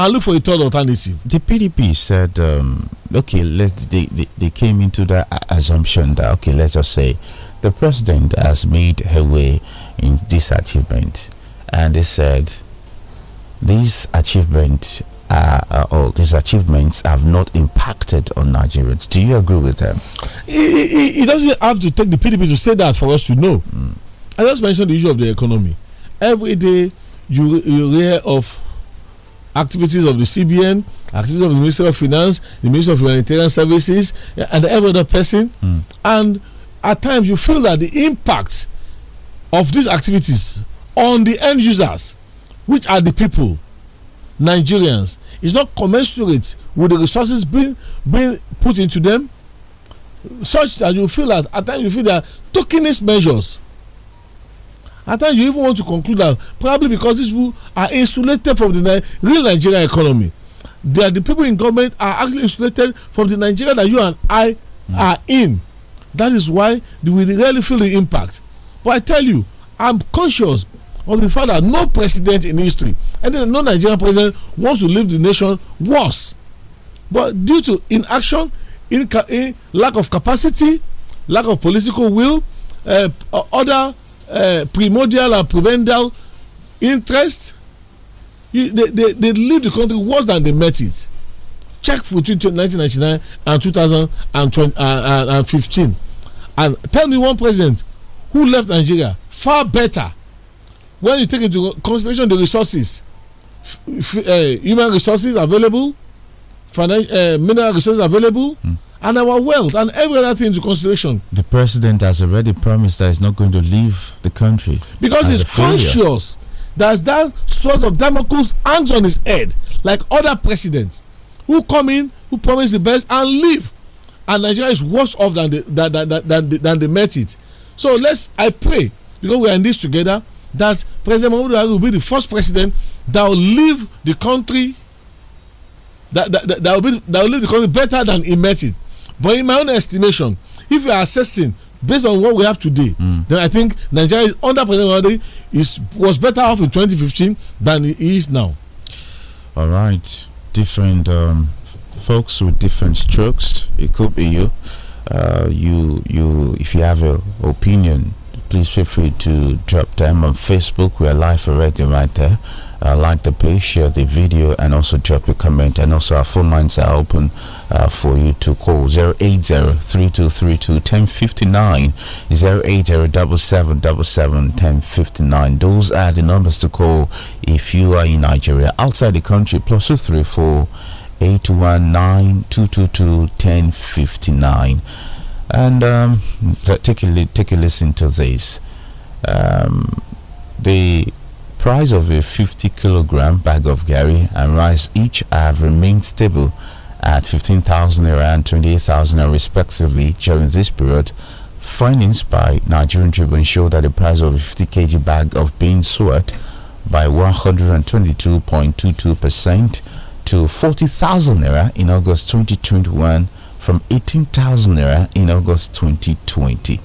and look for a third alternative. The PDP said, um, okay, let they, they, they came into the assumption that, okay, let's just say the president has made her way in this achievement. And they said, these achievements are all these achievements have not impacted on Nigerians. Do you agree with them? It, doesn't have to take the PDP to say that for us to know. Mm. I just mentioned the issue of the economy. Every day you, you hear of activities of the CBN, activities of the Minister of Finance, the Minister of Humanitarian Services, eh, and every other person. Mm. And at times you feel that the impact of these activities on the end users, which are the people, Nigerians, is not commensurate with the resources being being put into them, such that you feel that at times you feel that taking these measures at times you even want to conclude that probably because these people are insulated from the real nigerian economy they are the people in government are actually insulated from the nigeria that you and i mm. are in that is why we really feel the impact but i tell you i'm conscious of the fact that no president in history and then no nigerian president wants to leave the nation worse but due to inaction in, in lack of capacity lack of political will uh, other uh, primordial and prebendal interest you, they, they, they leave the country worse than they met it check between 1999 and 2015 uh, uh, and tell me one president who left nigeria far better when you take into consideration the resources uh, human resources available uh, mineral resources available mm and our wealth and every other thing into consideration. The president has already promised that he's not going to leave the country because he's conscious that that sort of Damocles hangs on his head, like other presidents who come in, who promise the best and leave, and Nigeria is worse off than the, than, than, than, than, than they met it. So let's, I pray, because we are in this together, that President Mahmoud will be the first president that will leave the country that, that, that, that, will, be, that will leave the country better than he met it. But in my own estimation, if you are assessing based on what we have today, mm. then I think Nigeria is under underperforming is was better off in 2015 than it is now. All right, different um, folks with different strokes. It could be you. Uh, you you if you have an opinion, please feel free to drop them on Facebook. We are live already right there uh, like the page, share the video, and also drop your comment. And also, our phone lines are open uh, for you to call 080-3232-1059, 80 1059 Those are the numbers to call if you are in Nigeria. Outside the country, plus 234 819 222 1059 and um, take a take a listen to this. Um, the Price of a 50 kilogram bag of gari and rice each have remained stable at 15,000 naira and 28,000 naira respectively during this period. Findings by Nigerian Tribune show that the price of a 50 kg bag of beans soared by 122.22% to 40,000 naira in August 2021 from 18,000 naira in August 2020.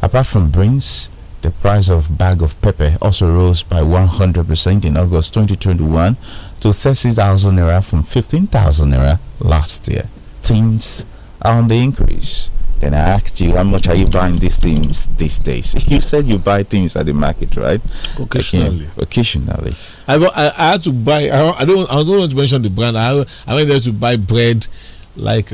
Apart from beans, the price of bag of pepper also rose by 100% in August 2021 to 30,000 naira from 15,000 naira last year. Things are on the increase. Then I asked you, how much are you buying these things these days? You said you buy things at the market, right? Occasionally. occasionally. I, I, had to buy. I, don't. I don't want to mention the brand. I I went there to buy bread, like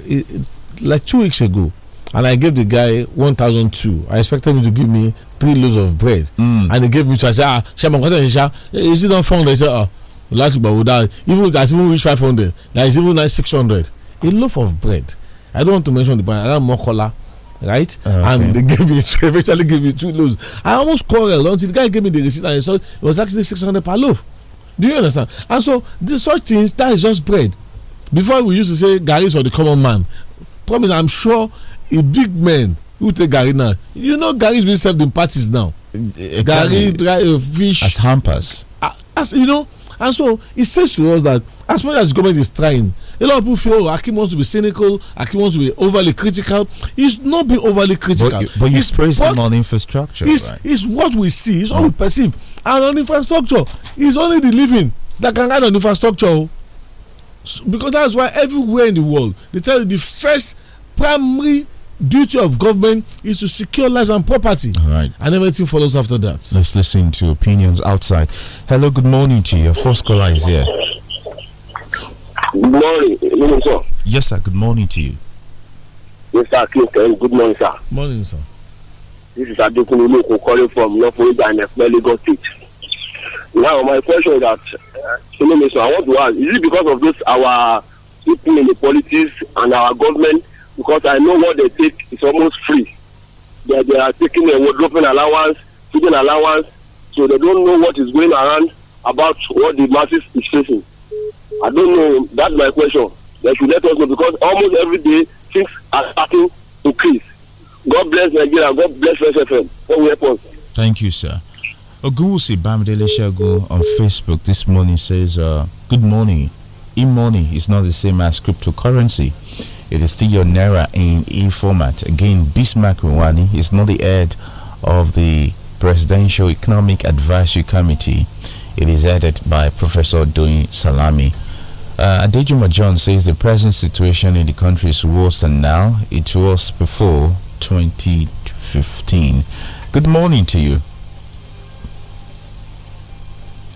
like two weeks ago and I gave the guy one thousand two. I expected him to give me three loaves of bread, mm. and he gave me two. I said, "Ah, Shaman, what is it? Is it not found?" They said, "Oh, last but without even that's even reach five hundred. That is even like six hundred. A loaf of bread. I don't want to mention the brand. I have more color." Right, ah, okay. and they gave me two, eventually gave me two loaves. I almost quarreled until the guy gave me the receipt and I saw it was actually 600 per loaf. Do you understand? And so, these such things that is just bread. Before we used to say, Garis or the common man, promise I'm sure a big man who take Gary now. You know Gary's being served in parties now. Exactly. Gary dry uh, fish. As hampers. Uh, as you know, and so it says to us that as much as government is trying, a lot of people feel oh, Akim wants to be cynical, Akim wants to be overly critical. He's not being overly critical. But you, but you praise him on infrastructure. It's, right? it's what we see, it's what we oh. perceive. And on infrastructure, it's only the living that can add on infrastructure. Oh. So, because that's why everywhere in the world they tell you the first primary duty of government is to secure lives and property. All right. And everything follows after that. Let's listen to opinions outside. Hello, good morning to you. First caller is here. Good morning. Good morning, sir. Yes, sir. Good morning to you. Yes, sir. Good morning, sir. Morning, sir. This is Adekunle who calling from North Florida and Lagos State. Now, my question is that, uh, I want to ask, is it because of this, our people in the politics and our government because I know what they take is almost free. They, they are taking a wardrobe allowance, feeding allowance, so they don't know what is going around about what the masses is facing. I don't know. That's my question. They should let us know because almost every day things are starting to increase. God bless Nigeria. God bless SFM. God help us. Thank you, sir. Ogunwusi Bamidele Shago on Facebook this morning says, uh, Good morning. E money is not the same as cryptocurrency. It is still your Naira in e format. Again, Bismarck Rwani is not the head of the Presidential Economic Advisory Committee. It is headed by Professor Doyin Salami. Uh, Adejuma John says the present situation in the country is worse than now. It was before 2015. Good morning to you.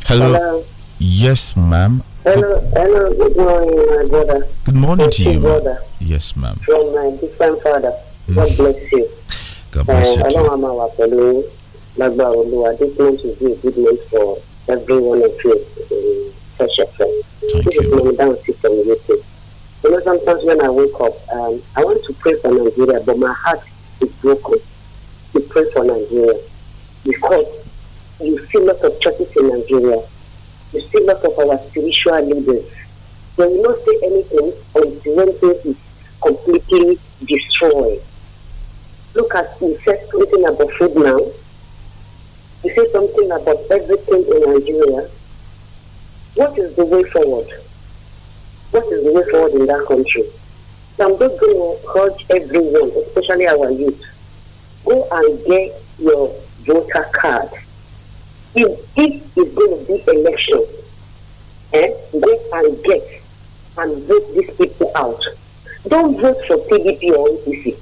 Hello. Hello. Yes, ma'am. Hello, hello, good morning, my brother. Good morning Thank to you, brother. Yes, ma'am. From my different father. Mm. God bless you. God bless uh, you. Hello, Mama Wapolu. Magba Olua. This month will be a good month for everyone of you in Fresh FM. Thank this you. This is Mama Dancy from UK. You know, sometimes when I wake up, um, I want to pray for Nigeria, but my heart is broken to pray for Nigeria because you see lots of churches in Nigeria the statement of our spiritual leaders. They will not say anything until when is completely destroyed. Look at you said something about food now. You said something about everything in Nigeria. What is the way forward? What is the way forward in that country? So I'm just going to urge everyone, especially our youth, go and get your voter card if it is going to be election, eh, go and get and vote these people out. Don't vote for PDP or APC.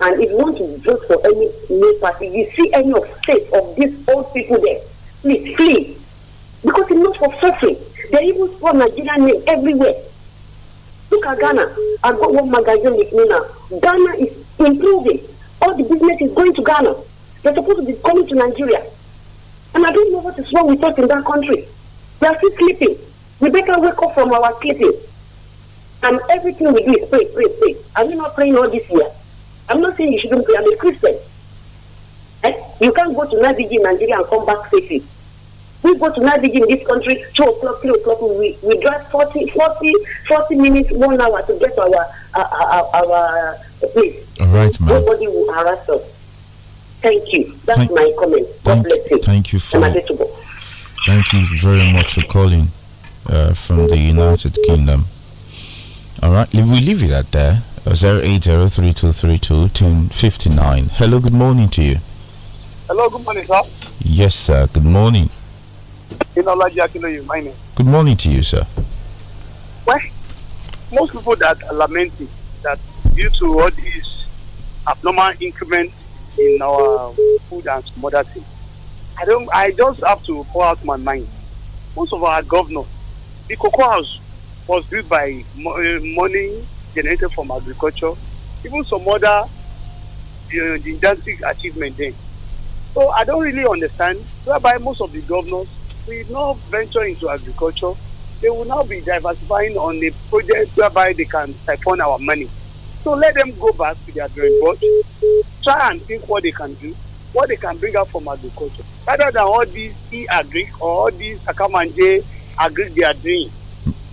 And if you want to vote for any new party, you see any of state of these old people there, please flee. Because it's not for suffering. They even spell Nigeria name everywhere. Look at Ghana. i go got one magazine with me now. Ghana is improving. All the business is going to Ghana. They're supposed to be coming to Nigeria. And I don't know what is wrong with us in that country. We are still sleeping. We better wake up from our sleeping. And everything we do is pray, pray, pray. Are we not praying all this year? I'm not saying you shouldn't pray. I'm a Christian. Eh? You can't go to Nadiji in Nigeria and come back safely. We go to Nadiji in this country, 2 o'clock, 3 o'clock. We, we drive 40, 40, 40 minutes, 1 hour to get to our, our, our, our place. All right, man. Nobody will harass us. Thank you. That's thank, my comment. God bless you. Thank you for. Thank you very much for calling uh, from the United Kingdom. All right, we leave it at there. Uh, zero eight zero three two three two ten fifty nine. Hello, good morning to you. Hello, good morning, sir. Yes, sir. Good morning. Good morning to you, sir. Well, most people that are lamenting that due to all these abnormal increment in our food and some other things. I don't. I just have to pour out my mind. Most of our governors, the cocoa house was built by eh, money generated from agriculture, even some other uh, gigantic achievement then. So I don't really understand whereby most of the governors will not venture into agriculture. They will now be diversifying on the projects whereby they can siphon our money. So let them go back to their drawing board, try and think what they can do, what they can bring out from agriculture, rather than all these e agri or all these Akamanje agri they are doing.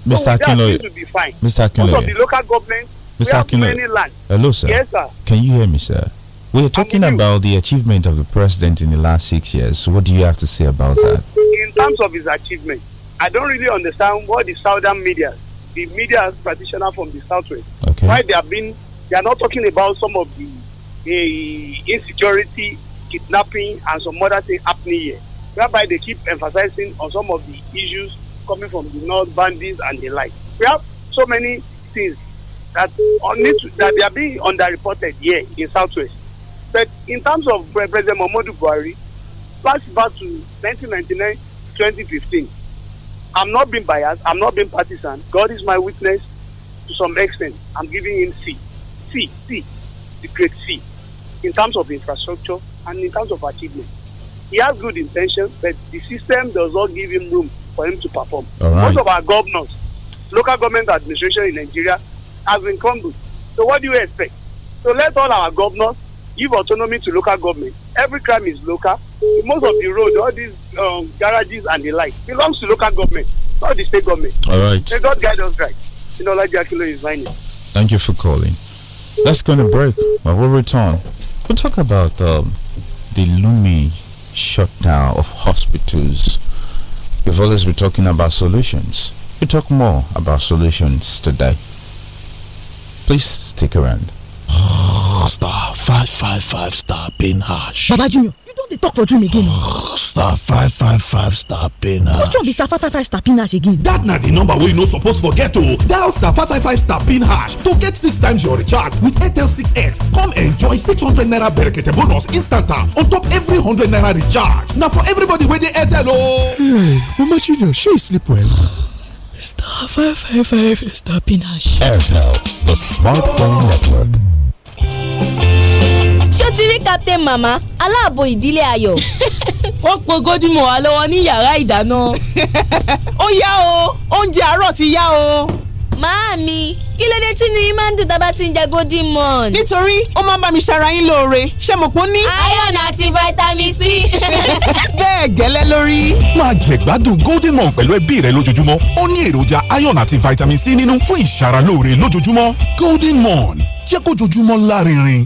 Mr. So fine. Mr. Akinloye, most of the local government, Mr. we Akinloye. have many land. Hello, sir. Yes, sir. Can you hear me, sir? We're talking about the achievement of the president in the last six years. What do you have to say about that? In terms of his achievement, I don't really understand what the southern media the media practitioner from the southwest. Okay. Why they have been, they are not talking about some of the, insecurity, kidnapping, and some other things happening here. Whereby they keep emphasizing on some of the issues coming from the north, bandits, and the like. We have so many things that that they are being underreported here in southwest. But in terms of President Muhammadu Buhari, flash back to 1999, 2015 I'm not being biased. I'm not being partisan. God is my witness to some extent. I'm giving him C. C, C, the great C, in terms of infrastructure and in terms of achievement. He has good intentions, but the system does not give him room for him to perform. Right. Most of our governors, local government administration in Nigeria has been crumbled. So what do you expect? So let all our governors give autonomy to local government. Every crime is local most of the road all these um, garages and the like belongs to local government not the state government. all right may god guide us right you know like akilo is my thank you for calling that's going to break when we return we'll talk about um, the Lumi shutdown of hospitals we've always been talking about solutions we talk more about solutions today please stick around star five five five star pin hash baba jr you don dey talk for dream again star five five five star pin hash which one be star five five five star pin hash again That na the number wey you no suppose forget o dial star five five five star pin hash to get six times your recharge with airtel 6x come enjoy six hundred naira berekete bonus instant on top every hundred naira recharge na for everybody wey dey airtel o. hey mama junior shey sleep well. star five five five star pin hash airtel the smartphone network. ṣó ti rí captain mama aláàbò ìdílé ayọ̀. wọ́n po gódìmọ̀ wa lọ́wọ́ ní yàrá ìdáná. ó yá o oúnjẹ àárọ̀ ti yá o. Màámi, kí ló dé tínú yín máa ń dùn tábà tí ń jẹ golden morn. Nítorí ó máa ń bá mi ṣara yín lóore, ṣé mo pọ́n ní. Iron àti vitamin C. Bẹ́ẹ̀ gẹ́lẹ́ lórí. Máa jẹ gbádùn golden morn pẹ̀lú ẹbí rẹ lójoojúmọ́. Ó ní èròjà iron àti vitamin C nínú fún ìṣara lóore lójoojúmọ́. Golden morn jẹ́ kójoojúmọ́ lárinrin.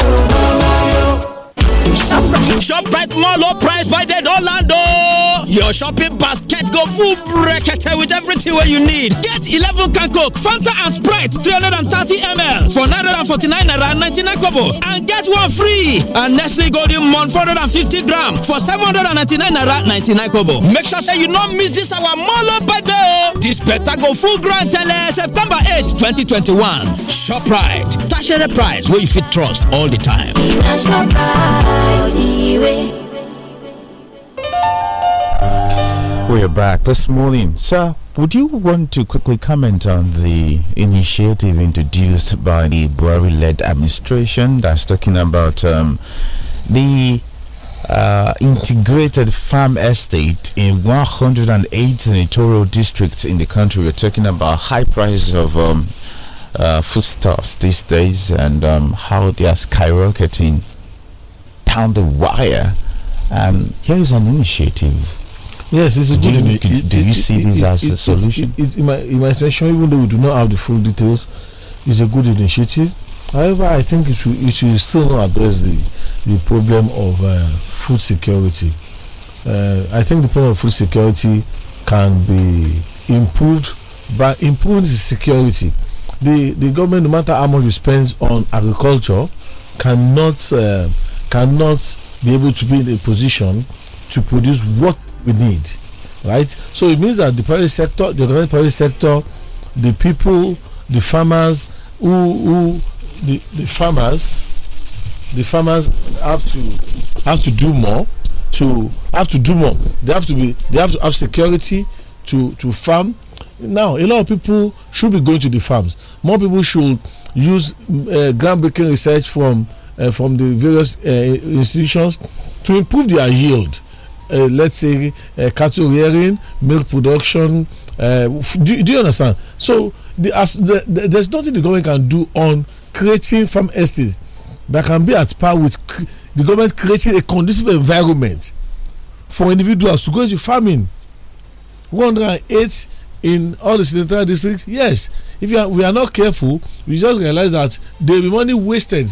Shoprite. Shoprite more low price boy they don't land oh. Your shopping basket go full brekete with everything where you need. Get 11 can coke, Fanta and Sprite 330ml for 949 naira 99 kobo and get one free. And Nestle Golden Mon 450 gram for 799 naira 99 kobo. Make sure say you no miss this our molo birthday. This better go full grand tele September 8, 2021. Shoprite national price where you fit trust all the time. We are back this morning. Sir, would you want to quickly comment on the initiative introduced by the Buhari led administration that's talking about um, the uh, integrated farm estate in 108 senatorial districts in the country? We're talking about high prices of um, uh, foodstuffs these days and um, how they are skyrocketing down the wire. Um, here is an initiative. Yes, it's a do, you, do, you see it, this as a solution? in, my, in my expression, even though we do not have the full details, it's a good initiative. However, I think it should, it should still not address the, the problem of uh, food security. Uh, I think the problem of food security can be improved by improving the security the the government, no matter how much it spends on agriculture, cannot uh, cannot be able to be in a position to produce what we need, right? So it means that the private sector, the government private sector, the people, the farmers, who who the, the farmers, the farmers have to have to do more to have to do more. They have to be they have to have security to to farm now a lot of people should be going to the farms more people should use uh, groundbreaking research from uh, from the various uh, institutions to improve their yield uh, let's say uh, cattle rearing milk production uh, do, do, you understand so the, as, the, the, there's nothing the government can do on creating farm estates that can be at par with the government creating a conducive environment for individuals to go into farming 108 in all the senatorial districts? Yes. If are, we are not careful, we just realize that there will be money wasted,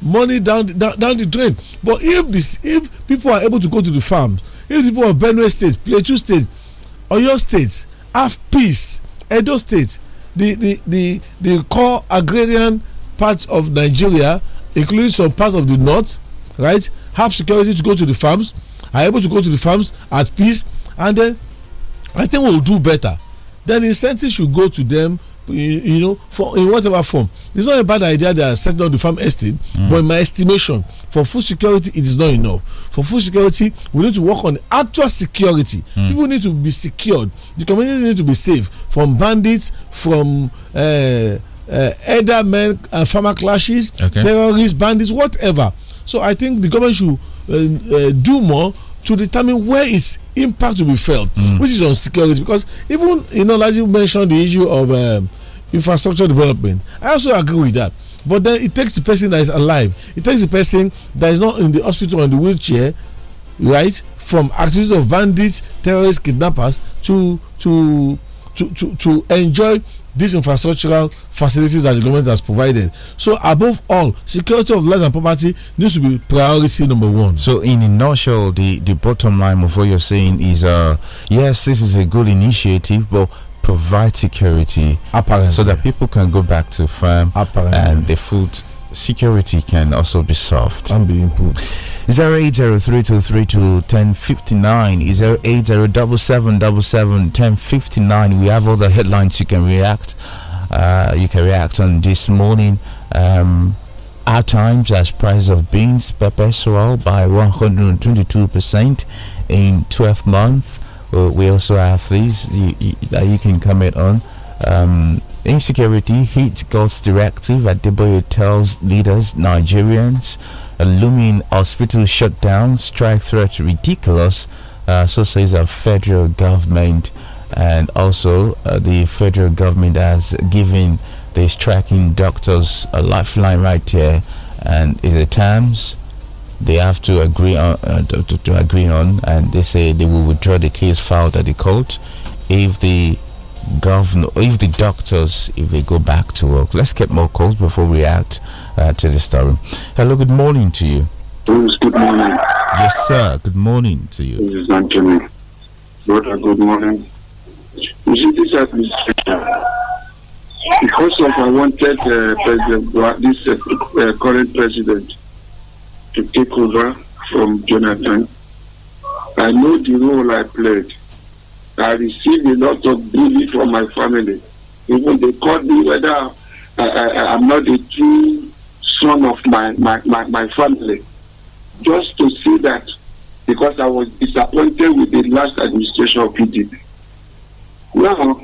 money down, down, down the drain. But if this, if people are able to go to the farms, if people of Benue State, Plateau State, Oyo State have peace, Edo State, the, the, the, the core agrarian parts of Nigeria, including some parts of the north, right, have security to go to the farms, are able to go to the farms at peace, and then I think we'll do better then the incentive should go to them you, know, for in whatever form. It's not a bad idea that set down the farm estate, mm. but in my estimation, for food security, it is not enough. For food security, we need to work on actual security. Mm. People need to be secured. The communities need to be safe from bandits, from uh, uh, elder men and uh, farmer clashes, okay. terrorists, bandits, whatever. So I think the government should uh, uh do more to determine where its impact will be felt, mm. which is on security. Because even, you know, as you mentioned the issue of um, infrastructure development, I also agree with that. But then it takes the person that is alive, it takes the person that is not in the hospital in the wheelchair, right, from activities of bandits, terrorists, kidnappers to to to to, to enjoy these infrastructural facilities that the government has provided. So, above all, security of lives and property needs to be priority number one. So, in a nutshell, the, the bottom line of what you're saying is uh, yes, this is a good initiative, but provide security Apparently. so that people can go back to farm Apparently. and the food security can also be solved and be improved. 08032321059 is 08077771059. We have all the headlines you can react. Uh, you can react on this morning. Um, our times as price of beans pepper swell by 122% in 12 months. Uh, we also have these you, you, that you can comment on. Um, Insecurity hits God's directive. Adebayo tells leaders Nigerians a looming hospital shutdown strike threat ridiculous. Uh, so says a federal government, and also uh, the federal government has given the striking doctors a lifeline right here, and is the terms they have to agree on uh, to, to, agree on, and they say they will withdraw the case filed at the court if the governor, if the doctors, if they go back to work. Let's get more calls before we add uh, to the story. Hello, good morning to you. good morning. Yes, sir. Good morning to you. This is Anthony. Brother, good morning. You see, this administration, uh, because of I wanted uh, president, this uh, uh, current president to take over from Jonathan, I know the role I played I received a lot of bullying from my family. Even they called me whether I, I, am not a true son of my, my, my, my family. Just to see that, because I was disappointed with the last administration of PDP. Now,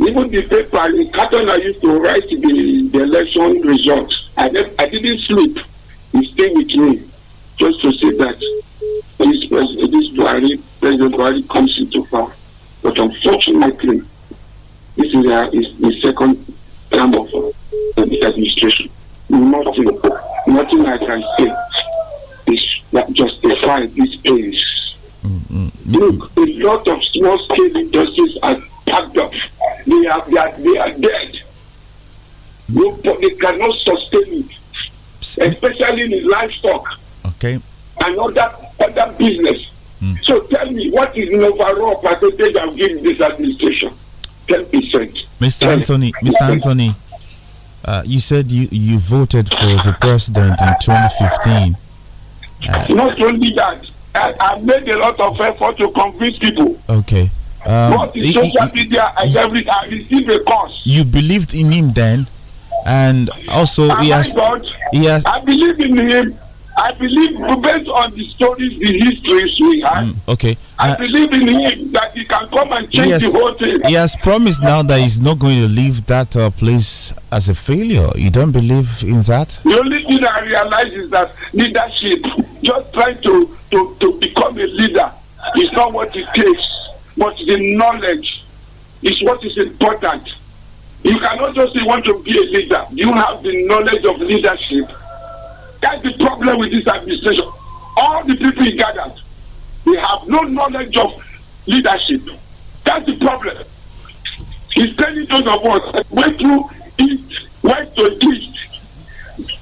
even the paper in Carton I used to write the, the election results. I, I didn't sleep. He stayed with me just to see that this, this Buhari then your body comes into power. But unfortunately, this is, a, is the second term of the administration. Nothing, nothing I can say is that justify this pace. Mm -hmm. Look, a lot of small-scale industries are packed up. They are, they are, they are dead. No, they cannot sustain it, especially in livestock. Okay. And other, other business Hmm. So tell me, what is the overall percentage of giving this administration? 10%. Mr. Anthony, Mr. Anthony, uh, you said you, you voted for the president in 2015. Uh, Not only that, I, I, made a lot of effort to convince people. Okay. Um, but social media, I, every, I received a course. You believed in him then? And also, he has, God, he has. I believe in him I believe, based on the stories, the histories we have, mm, okay. I, I uh, believe in him that he can come and change has, the whole thing. He has promised now that he's not going to leave that uh, place as a failure. You don't believe in that? The only thing I realize is that leadership, just trying to, to, to become a leader, is not what it takes, but the knowledge is what is important. You cannot just say want to be a leader. You have the knowledge of leadership that's the problem with this administration. All the people in gathered, they have no knowledge of leadership. That's the problem. He's telling those of us that went through it, went to east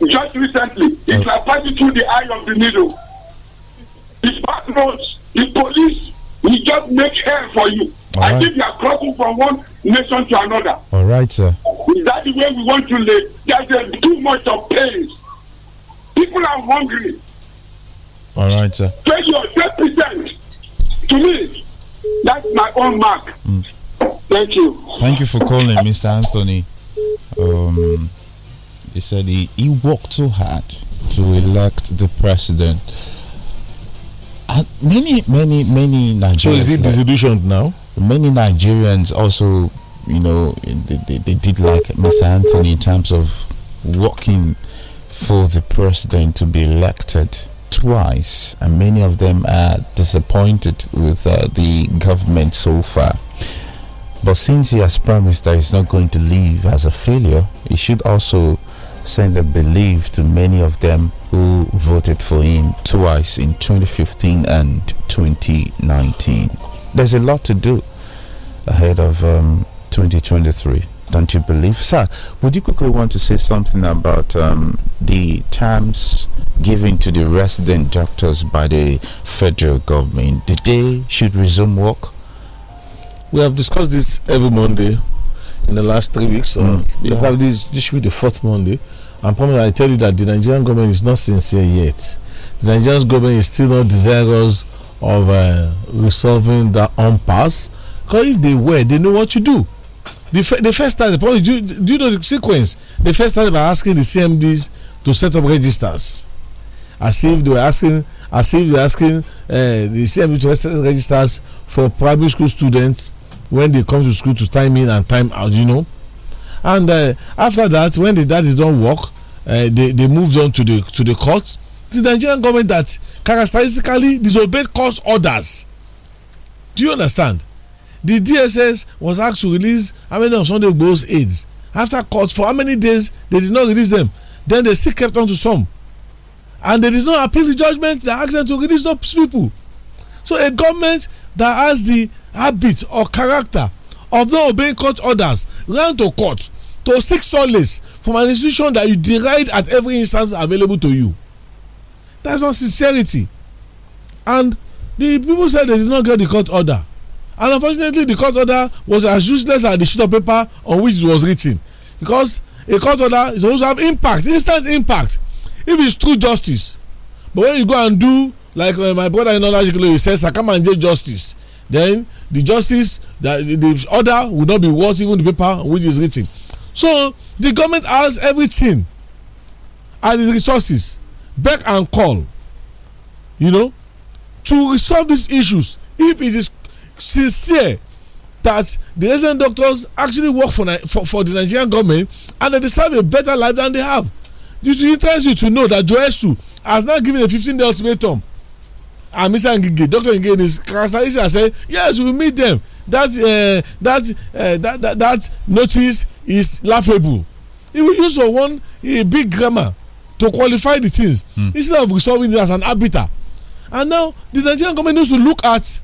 just recently. It's like passing through the eye of the needle. The back roads, the police we just make hell for you. All I right. think you are crossing from one nation to another. All right, sir. Is that the way we want to live? There's too much of pain People are hungry. All right, sir. Pay your 10%. To me, that's my own mark. Mm. Thank you. Thank you for calling, Mr. Anthony. Um, he said he, he worked too hard to elect the president. And many, many, many Nigerians. So is it disillusioned now? Many Nigerians also, you know, they, they, they did like Mr. Anthony in terms of working for the president to be elected twice, and many of them are disappointed with uh, the government so far. But since he has promised that he's not going to leave as a failure, he should also send a belief to many of them who voted for him twice in 2015 and 2019. There's a lot to do ahead of um, 2023 don't you believe, sir? Would you quickly want to say something about um, the terms given to the resident doctors by the federal government? The day should resume work. We have discussed this every Monday in the last three weeks. So mm. yeah. probably this, this, should be the fourth Monday. I'm probably I tell you that the Nigerian government is not sincere yet. The Nigerian government is still not desirous of uh, resolving that impasse. Because if they were, they know what to do. The, the first time, the point do, do you know the sequence? The first time by asking the CMDs to set up registers, as if they were asking, as if they were asking uh, the CMD to set up registers for primary school students when they come to school to time in and time out, you know. And uh, after that, when the daddy don't work, uh, they they moved on to the to the courts. The Nigerian government that characteristically disobeyed court orders. Do you understand? the dss was asked to release how many of sunday igboho's aides after court for how many days they did not release them then they still kept on to some and they did not appeal the judgment that asked them to release those people so a government that has the habit or character of not obeying court orders ran to court to seek solace from an institution that you deride at every instance available to you that's not sincerity and the people said they did not get the court order and unfortunately the court order was as useless as the sheet of paper on which it was written because a court order is supposed to have impact instant impact if it's true justice but when you go and do like uh, my brother in olajuwon he says sakamanje justice then the justice the, the, the order will not be worth even the paper which is written so the government has everything and the resources back and call you know to resolve these issues if it is sincere that the resident doctors actually work for, for, for the Nigerian government and they deserve a better life than they have. It interests you to know that Joesu has not given a 15 day ultimatum. And Mr. Ngige, Dr. Ngige in his characteristic has said, Yes, we meet them. That, uh, that, uh, that, that, that notice is laughable. He will use for one a big grammar to qualify the things mm. instead of resolving it as an arbiter. And now the Nigerian government needs to look at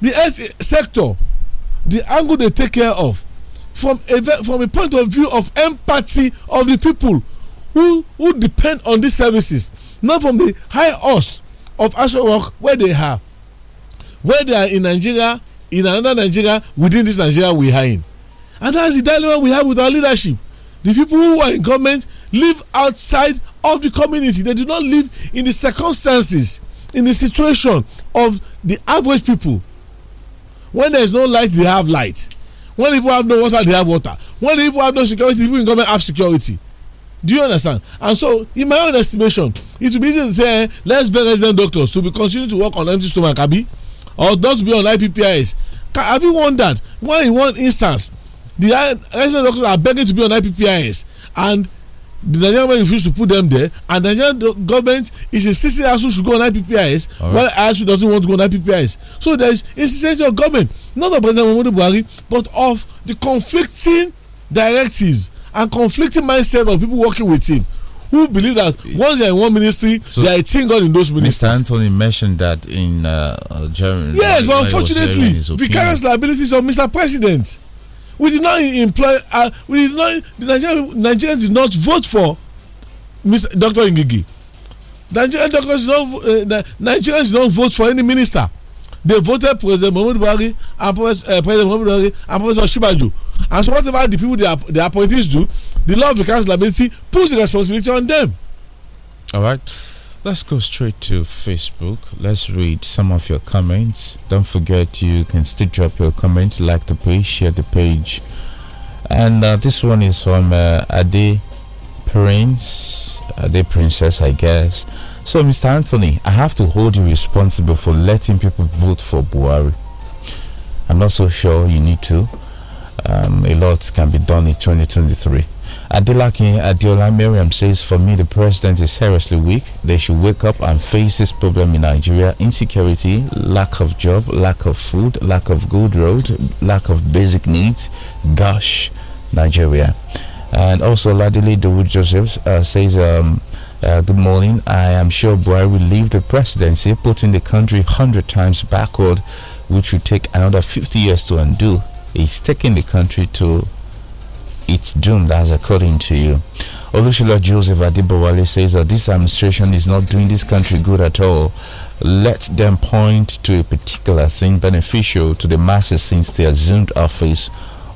the health sector the angle they take care of from a from a point of view of empathy of the people who who depend on these services not from the high us of actual work where they are where they are in nigeria in another nigeria within this nigeria we are in and that's the dilemma we have with our leadership the people who are in government live outside of the community they do not live in the circumstances in the situation of the average people when there is no light, they have light. When people have no water, they have water. When people have no security, people in government have security. Do you understand? And so, in my own estimation, it will be easy to say, eh, let's beg resident doctors to be continue to work on empty stomach, Abi, or not be on IPPIS. Have you wondered why, in one instance, the resident doctors are begging to be on IPPIS and the Nigerian government to put them there, and the Nigerian government is insisting ASU should go on IPPIS, right. while ASU doesn't want to go on IPPIS. So there is insistence of government, not of President Muhammadu Buhari, but of the conflicting directives and conflicting mindset of people working with him who believe that once they are in one ministry, so they are a team God in those ministries. Mr. Anthony mentioned that in uh, Germany. Yes, but unfortunately, vicarious liabilities of Mr. President we did not employ uh, we did not the nigerian nigerians did not vote for mr dr ngigi nigerian doctors did not uh, nigerians did not vote for any minister they voted president muhammadu buhari and uh, president muhammadu buhari and professor shibaju and so whatever the people their the appointees do the law of the council ability puts the responsibility on them. all right. Let's go straight to Facebook. Let's read some of your comments. Don't forget you can still drop your comments, like the page, share the page. And uh, this one is from uh, Ade Prince, Ade Princess, I guess. So, Mr. Anthony, I have to hold you responsible for letting people vote for Buhari. I'm not so sure you need to. Um, a lot can be done in 2023. Adilakin Adiola Miriam says, For me, the president is seriously weak. They should wake up and face this problem in Nigeria insecurity, lack of job, lack of food, lack of good road, lack of basic needs. Gosh, Nigeria. And also, Ladili Dawood Joseph uh, says, um, uh, Good morning. I am sure Buhari will leave the presidency, putting the country 100 times backward, which will take another 50 years to undo. He's taking the country to it's doomed as according to you. Olushila Joseph Adibowale says that this administration is not doing this country good at all. Let them point to a particular thing beneficial to the masses since they assumed office.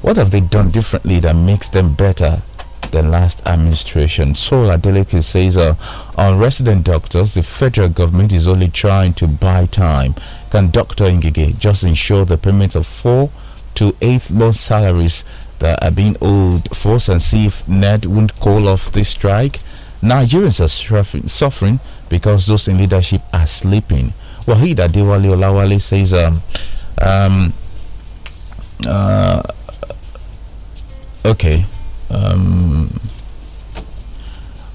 What have they done differently that makes them better than last administration? Sol Adeleke says uh, on resident doctors, the federal government is only trying to buy time. Can Dr. Ngige just ensure the payment of four to eight month salaries that uh, are being owed force and see if Ned won't call off this strike. Nigerians are suffering because those in leadership are sleeping. Wahid Adewale Olawale says, um, um, uh, okay, um,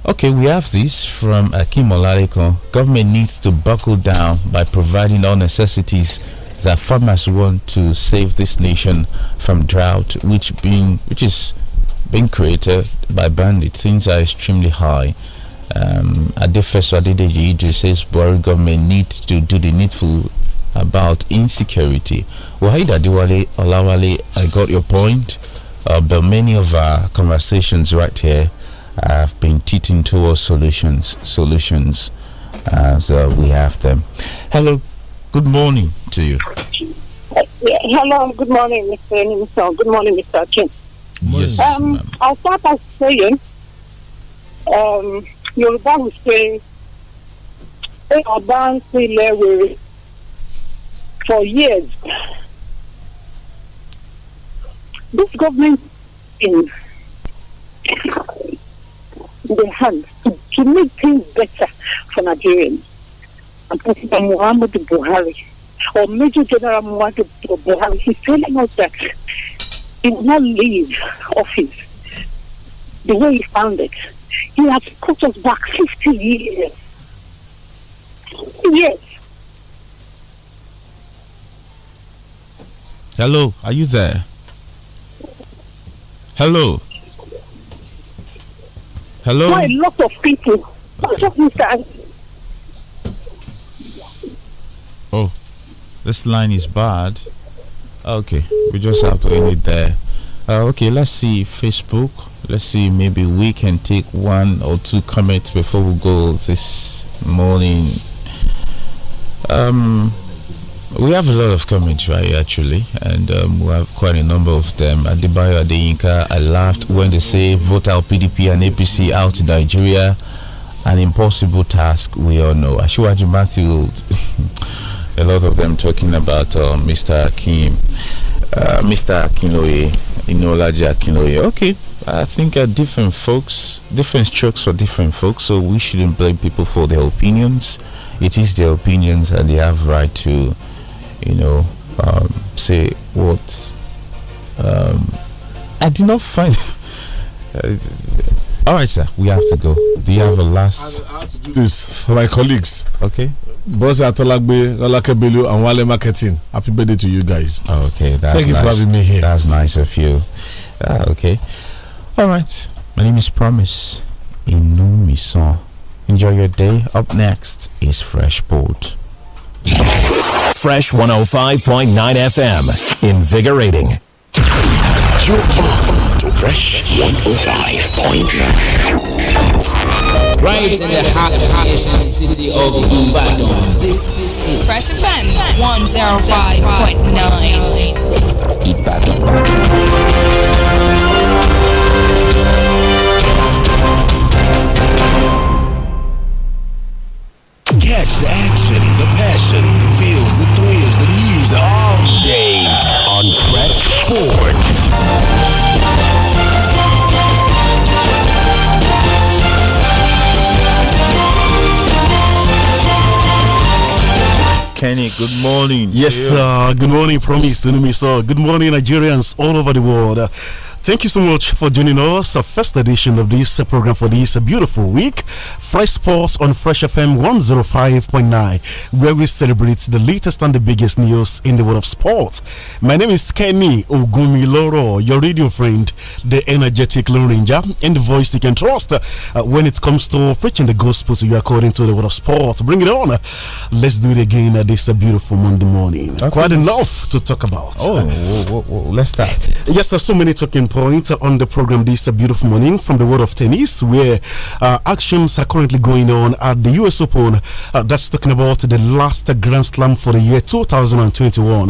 okay, we have this from Akim Olareko. Government needs to buckle down by providing all necessities that farmers want to save this nation from drought, which being which is being created by bandits. Things are extremely high. Um, Adefeso Adedeji says Buhari government need to do the needful about insecurity. Wahid Adiwale Olawale, I got your point, uh, but many of our conversations right here have been teaching towards solutions, solutions as uh, we have them. Hello, Good morning to you. Yeah, hello, good morning, Mr. Nimson. Good morning, Mr. Kim. Yes. Um, I'll start by saying, um, Yoruba will say, Ọba ń sílẹ̀ there for years. This government in the hand to, to make things better for Nigerians. I'm talking about Muhammad Buhari or Major General Muhammad Buhari. He's telling us that he will not leave office the way he found it. He has put us back 50 years. Yes. Hello, are you there? Hello. Hello. Why a lot of people, not just Mr. Oh, this line is bad. Okay, we just have to end it there. Uh, okay, let's see Facebook. Let's see, maybe we can take one or two comments before we go this morning. Um, we have a lot of comments right here, actually, and um, we have quite a number of them. At the the inca I laughed when they say vote out PDP and APC out in Nigeria. An impossible task, we all know. Ashwaji Matthew. a lot of them talking about uh, Mr. Akim, uh, Mr. Akinloye, Inolaji Akinloye. Okay, I think uh, different folks, different strokes for different folks, so we shouldn't blame people for their opinions. It is their opinions, and they have right to, you know, um, say what. Um, I did not find. Uh, all right, sir. We have to go. Do you have a last? Please, I have to do this for my colleagues. Okay. Boss Atalagbe, Rolakebelu, and Wale Marketing. Happy birthday to you guys. Okay, that's Thank nice. you for having me here. That's nice of you. Ah, okay. All right. My name is Promise Inumison. Enjoy your day. Up next is Fresh Boat. Fresh 105.9 FM. Invigorating. You are on to Fresh 105.9 right in the hot city of Ibadan. Fresh offense 105.9 Ibadan. Catch the action, the passion, the feels, the thrills, the news all day on Fresh Sports. Kenny, good morning. Yes, uh, good morning, from to me. So, good morning, Nigerians all over the world. Uh, Thank you so much for joining us. The first edition of this program for this beautiful week. Fresh Sports on Fresh FM 105.9, where we celebrate the latest and the biggest news in the world of sports. My name is Kenny Ogumiloro, your radio friend, the energetic Lone Ranger, and the voice you can trust uh, when it comes to preaching the gospel to you according to the world of sports. Bring it on. Let's do it again is this beautiful Monday morning. Okay. Quite enough to talk about. Oh, whoa, whoa, whoa. let's start. Yes, there's so many talking point on the program this beautiful morning from the world of tennis, where uh, actions are currently going on at the US Open. Uh, that's talking about the last Grand Slam for the year 2021,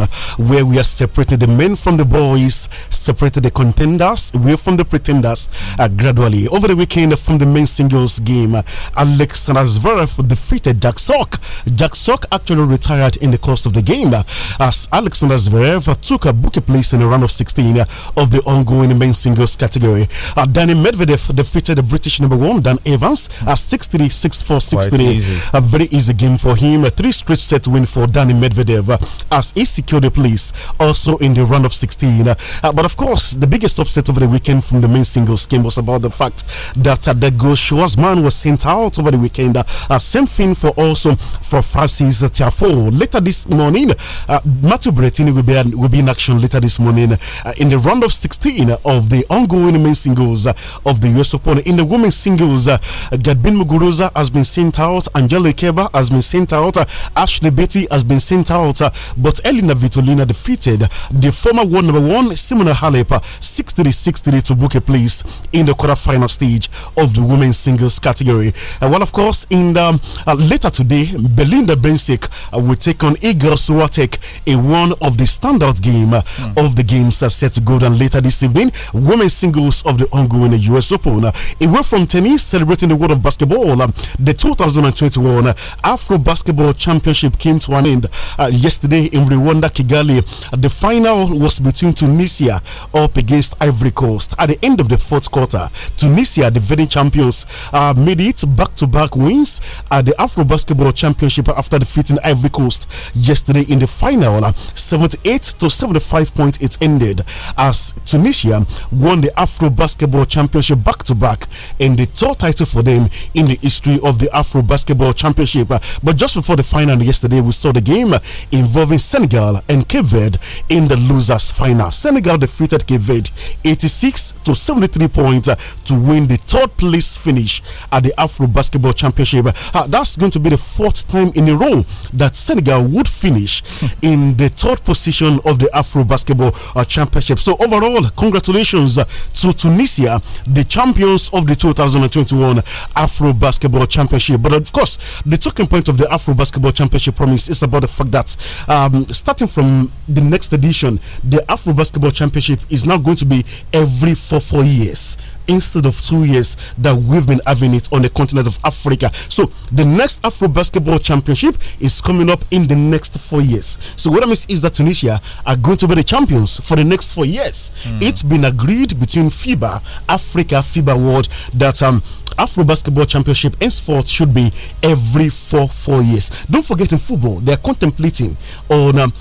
where we are separating the men from the boys, separated the contenders away from the pretenders uh, gradually. Over the weekend, from the men's singles game, uh, Alexander Zverev defeated Jack Sock. Jack Sock actually retired in the course of the game uh, as Alexander Zverev took a bookie place in the round of 16 uh, of the ongoing the men's singles category. Uh, Danny Medvedev defeated the British number one, Dan Evans, at 6 3 6 4 6 3. A very easy game for him. A three straight set win for Danny Medvedev uh, as he secured the place also in the round of 16. Uh, but of course, the biggest upset over the weekend from the men's singles game was about the fact that uh, the goal Schwarzman was sent out over the weekend. Uh, uh, same thing for also for Francis Tiafoe. Later this morning, uh, Matthew Bretini will be, will be in action later this morning uh, in the round of 16 of the ongoing men's singles uh, of the US Open. In the women's singles, uh, Gadbin Muguruza has been sent out, Angela Keba has been sent out, uh, Ashley Betty has been sent out, uh, but Elena Vitolina defeated the former world number one Simona Halep 6-3, to book a place in the quarterfinal stage of the women's singles category. Uh, well, of course, in the, uh, later today, Belinda Bensik uh, will take on Igor Swatek, a one of the standout game uh, mm. of the games uh, set to go down later this evening nine women's singles of the ongoing US Open. Uh, away from tennis, celebrating the world of basketball, um, the 2021 Afro Basketball Championship came to an end uh, yesterday in Rwanda, Kigali. the final was between Tunisia up against Ivory Coast. At the end of the fourth quarter, Tunisia, the defending champions, uh, made it back to back wins at the Afro Basketball Championship after defeating Ivory Coast yesterday in the final. 78 to 75 points it ended as Tunisia Nigeria won the Afro Basketball Championship back to back and the third title for them in the history of the Afro Basketball Championship. But just before the final yesterday, we saw the game involving Senegal and Cape Verde in the losers' final. Senegal defeated Cape Verde 86 to 73 points to win the third place finish at the Afro Basketball Championship. Uh, that's going to be the fourth time in a row that Senegal would finish hmm. in the third position of the Afro Basketball uh, Championship. So overall, congratulations congratulations to Tunisia, the champions of the 2021 Afro Basketball Championship. But of course, the talking point of the Afro Basketball Championship promise is about the fact that um, starting from the next edition, the Afro Basketball Championship is now going to be every four four years instead of two years that we've been having it on the continent of Africa. So the next Afro Basketball Championship is coming up in the next four years. So what I mean is that Tunisia are going to be the champions for the next four years. Mm. It's been agreed between FIBA, Africa, FIBA World that um Afro Basketball Championship henceforth should be every four four years. Don't forget in football they are contemplating on. Um,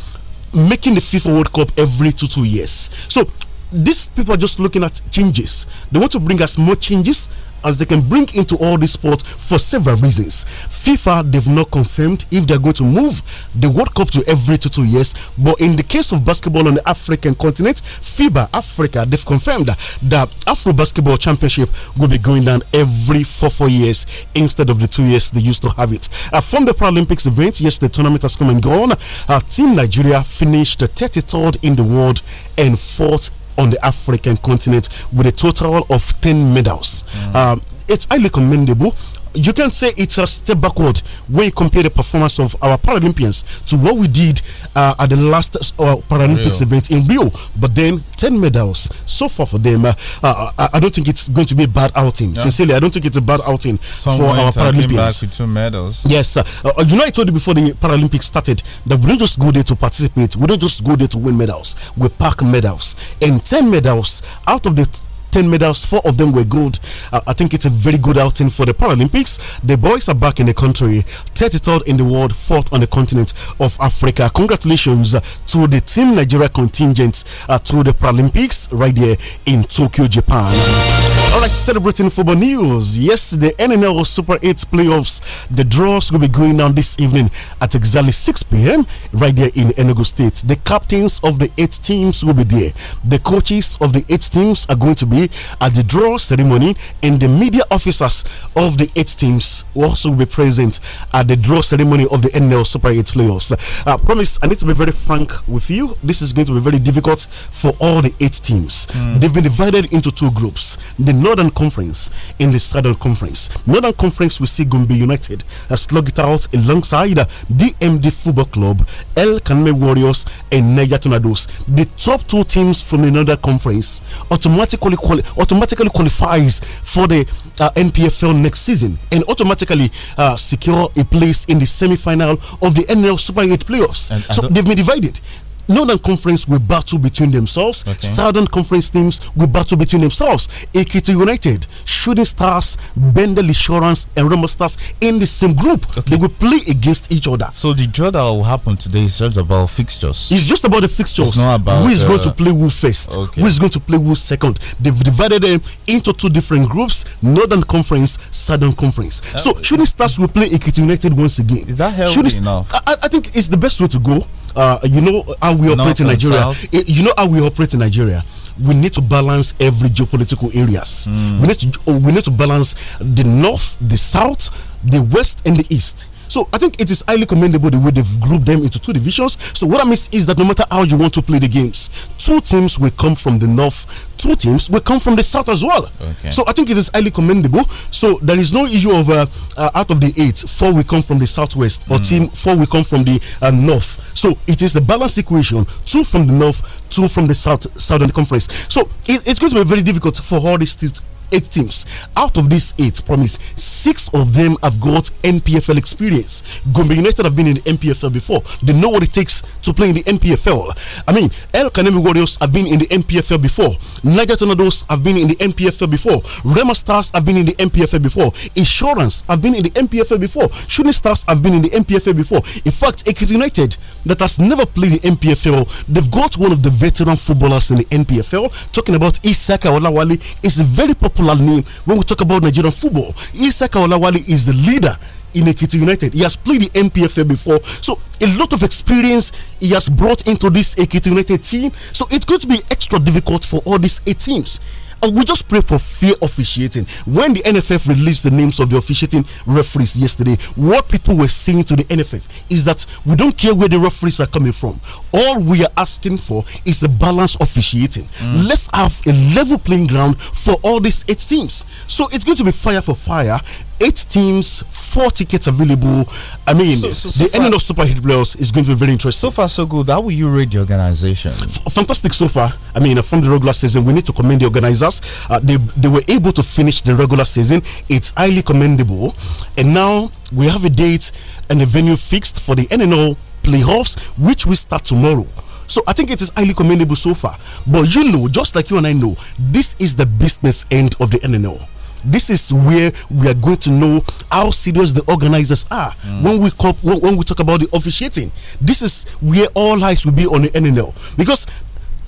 making the FIFA World Cup every two two years. So these people are just looking at changes. They want to bring as much changes as they can bring into all this sport for several reasons. FIFA, they've not confirmed if they're going to move the World Cup to every two, two years. But in the case of basketball on the African continent, FIBA Africa, they've confirmed that the Afro Basketball Championship will be going down every four, four years instead of the two years they used to have it. Uh, from the Paralympics event, yes, the tournament has come and gone. Uh, Team Nigeria finished 33rd in the world and fourth on the African continent with a total of 10 medals. Mm. Um, it's highly commendable you can say it's a step backward when you compare the performance of our Paralympians to what we did uh, at the last uh, Paralympics Rio. event in Rio. But then, 10 medals so far for them. Uh, uh, uh I don't think it's going to be a bad outing. Yeah. Sincerely, I don't think it's a bad outing for our Paralympians. with two medals. Yes. Uh, you know, I told you before the Paralympics started that we don't just go there to participate, we don't just go there to win medals. We pack medals. And 10 medals out of the 10 medals, four of them were gold. Uh, I think it's a very good outing for the Paralympics. The boys are back in the country, 33rd in the world, fourth on the continent of Africa. Congratulations to the Team Nigeria contingent uh, through the Paralympics right there in Tokyo, Japan. All right, celebrating football news. Yesterday, NNL Super 8 playoffs. The draws will be going on this evening at exactly 6 p.m. right there in Enugu State. The captains of the eight teams will be there. The coaches of the eight teams are going to be at the draw ceremony, and the media officers of the eight teams will also be present at the draw ceremony of the NNL Super 8 playoffs. I uh, promise, I need to be very frank with you. This is going to be very difficult for all the eight teams. Mm. They've been divided into two groups. The Northern Conference in the Southern Conference. Northern Conference will see Gombe United uh, slug it out alongside uh, DMD Football Club, El Kanme Warriors, and Niger Tornadoes. The top two teams from the Northern Conference automatically quali automatically qualifies for the uh, NPFL next season and automatically uh, secure a place in the semi-final of the NL Super 8 playoffs. And so they've been divided. Northern Conference will battle between themselves. Okay. Southern Conference teams will battle between themselves. Ekiti United, Shooting Stars, Bender Insurance, and Remo Stars in the same group. Okay. They will play against each other. So the draw that will happen today is just about fixtures. It's just about the fixtures. It's not about who is uh, going to play who first, okay. who is going to play who second. They've divided them into two different groups: Northern Conference, Southern Conference. Uh, so Shooting Stars will play Ekiti United once again. Is that healthy enough? I, I think it's the best way to go. Uh, you know how we operate in Nigeria. Eh, you know how we operate in Nigeria we need to balance every geopolitical areas. Mm. We need to we need to balance the north, the south, the west, and the east. So I think it is highly commendable the way they've grouped them into two divisions. So what I mean is that no matter how you want to play the games, two teams will come from the north, two teams will come from the south as well. Okay. So I think it is highly commendable. So there is no issue of uh, uh, out of the eight, four will come from the southwest, or mm. team four will come from the uh, north. So it is a balanced equation: two from the north, two from the south, southern conference. So it, it's going to be very difficult for all these eight teams. Out of these eight, promise, six of them have got NPFL experience. Gombe United have been in the NPFL before. They know what it takes to play in the NPFL. I mean, El Kanemi Warriors have been in the NPFL before. Niger Tornadoes have been in the NPFL before. Rema Stars have been in the NPFL before. Insurance have been in the NPFL before. Shooting Stars have been in the NPFL before. In fact, Ekiti United that has never played the NPFL, they've got one of the veteran footballers in the NPFL. Talking about Isaka Olawale, is very popular when we talk about Nigerian football. Isaka Olawale is the leader in Ekiti United. He has played the MPFL before, so a lot of experience he has brought into this Ekiti United team. So it's going to be extra difficult for all these eight teams we just pray for fair officiating. When the NFF released the names of the officiating referees yesterday, what people were saying to the NFF is that we don't care where the referees are coming from. All we are asking for is a balanced officiating. Mm. Let's have a level playing ground for all these eight teams. So it's going to be fire for fire eight teams, four tickets available. I mean, so, so, so the far, ending of Super Hit Playoffs is going to be very interesting. So far, so good. How will you rate the organization? F fantastic so far. I mean, from the regular season, we need to commend the organizers. Uh, they, they were able to finish the regular season. It's highly commendable. And now we have a date and a venue fixed for the NNO playoffs, which will start tomorrow. So I think it is highly commendable so far. But you know, just like you and I know, this is the business end of the NNL this is where we are going to know how serious the organizers are mm. when we call, when, when, we talk about the officiating. This is where all eyes will be on the NNL because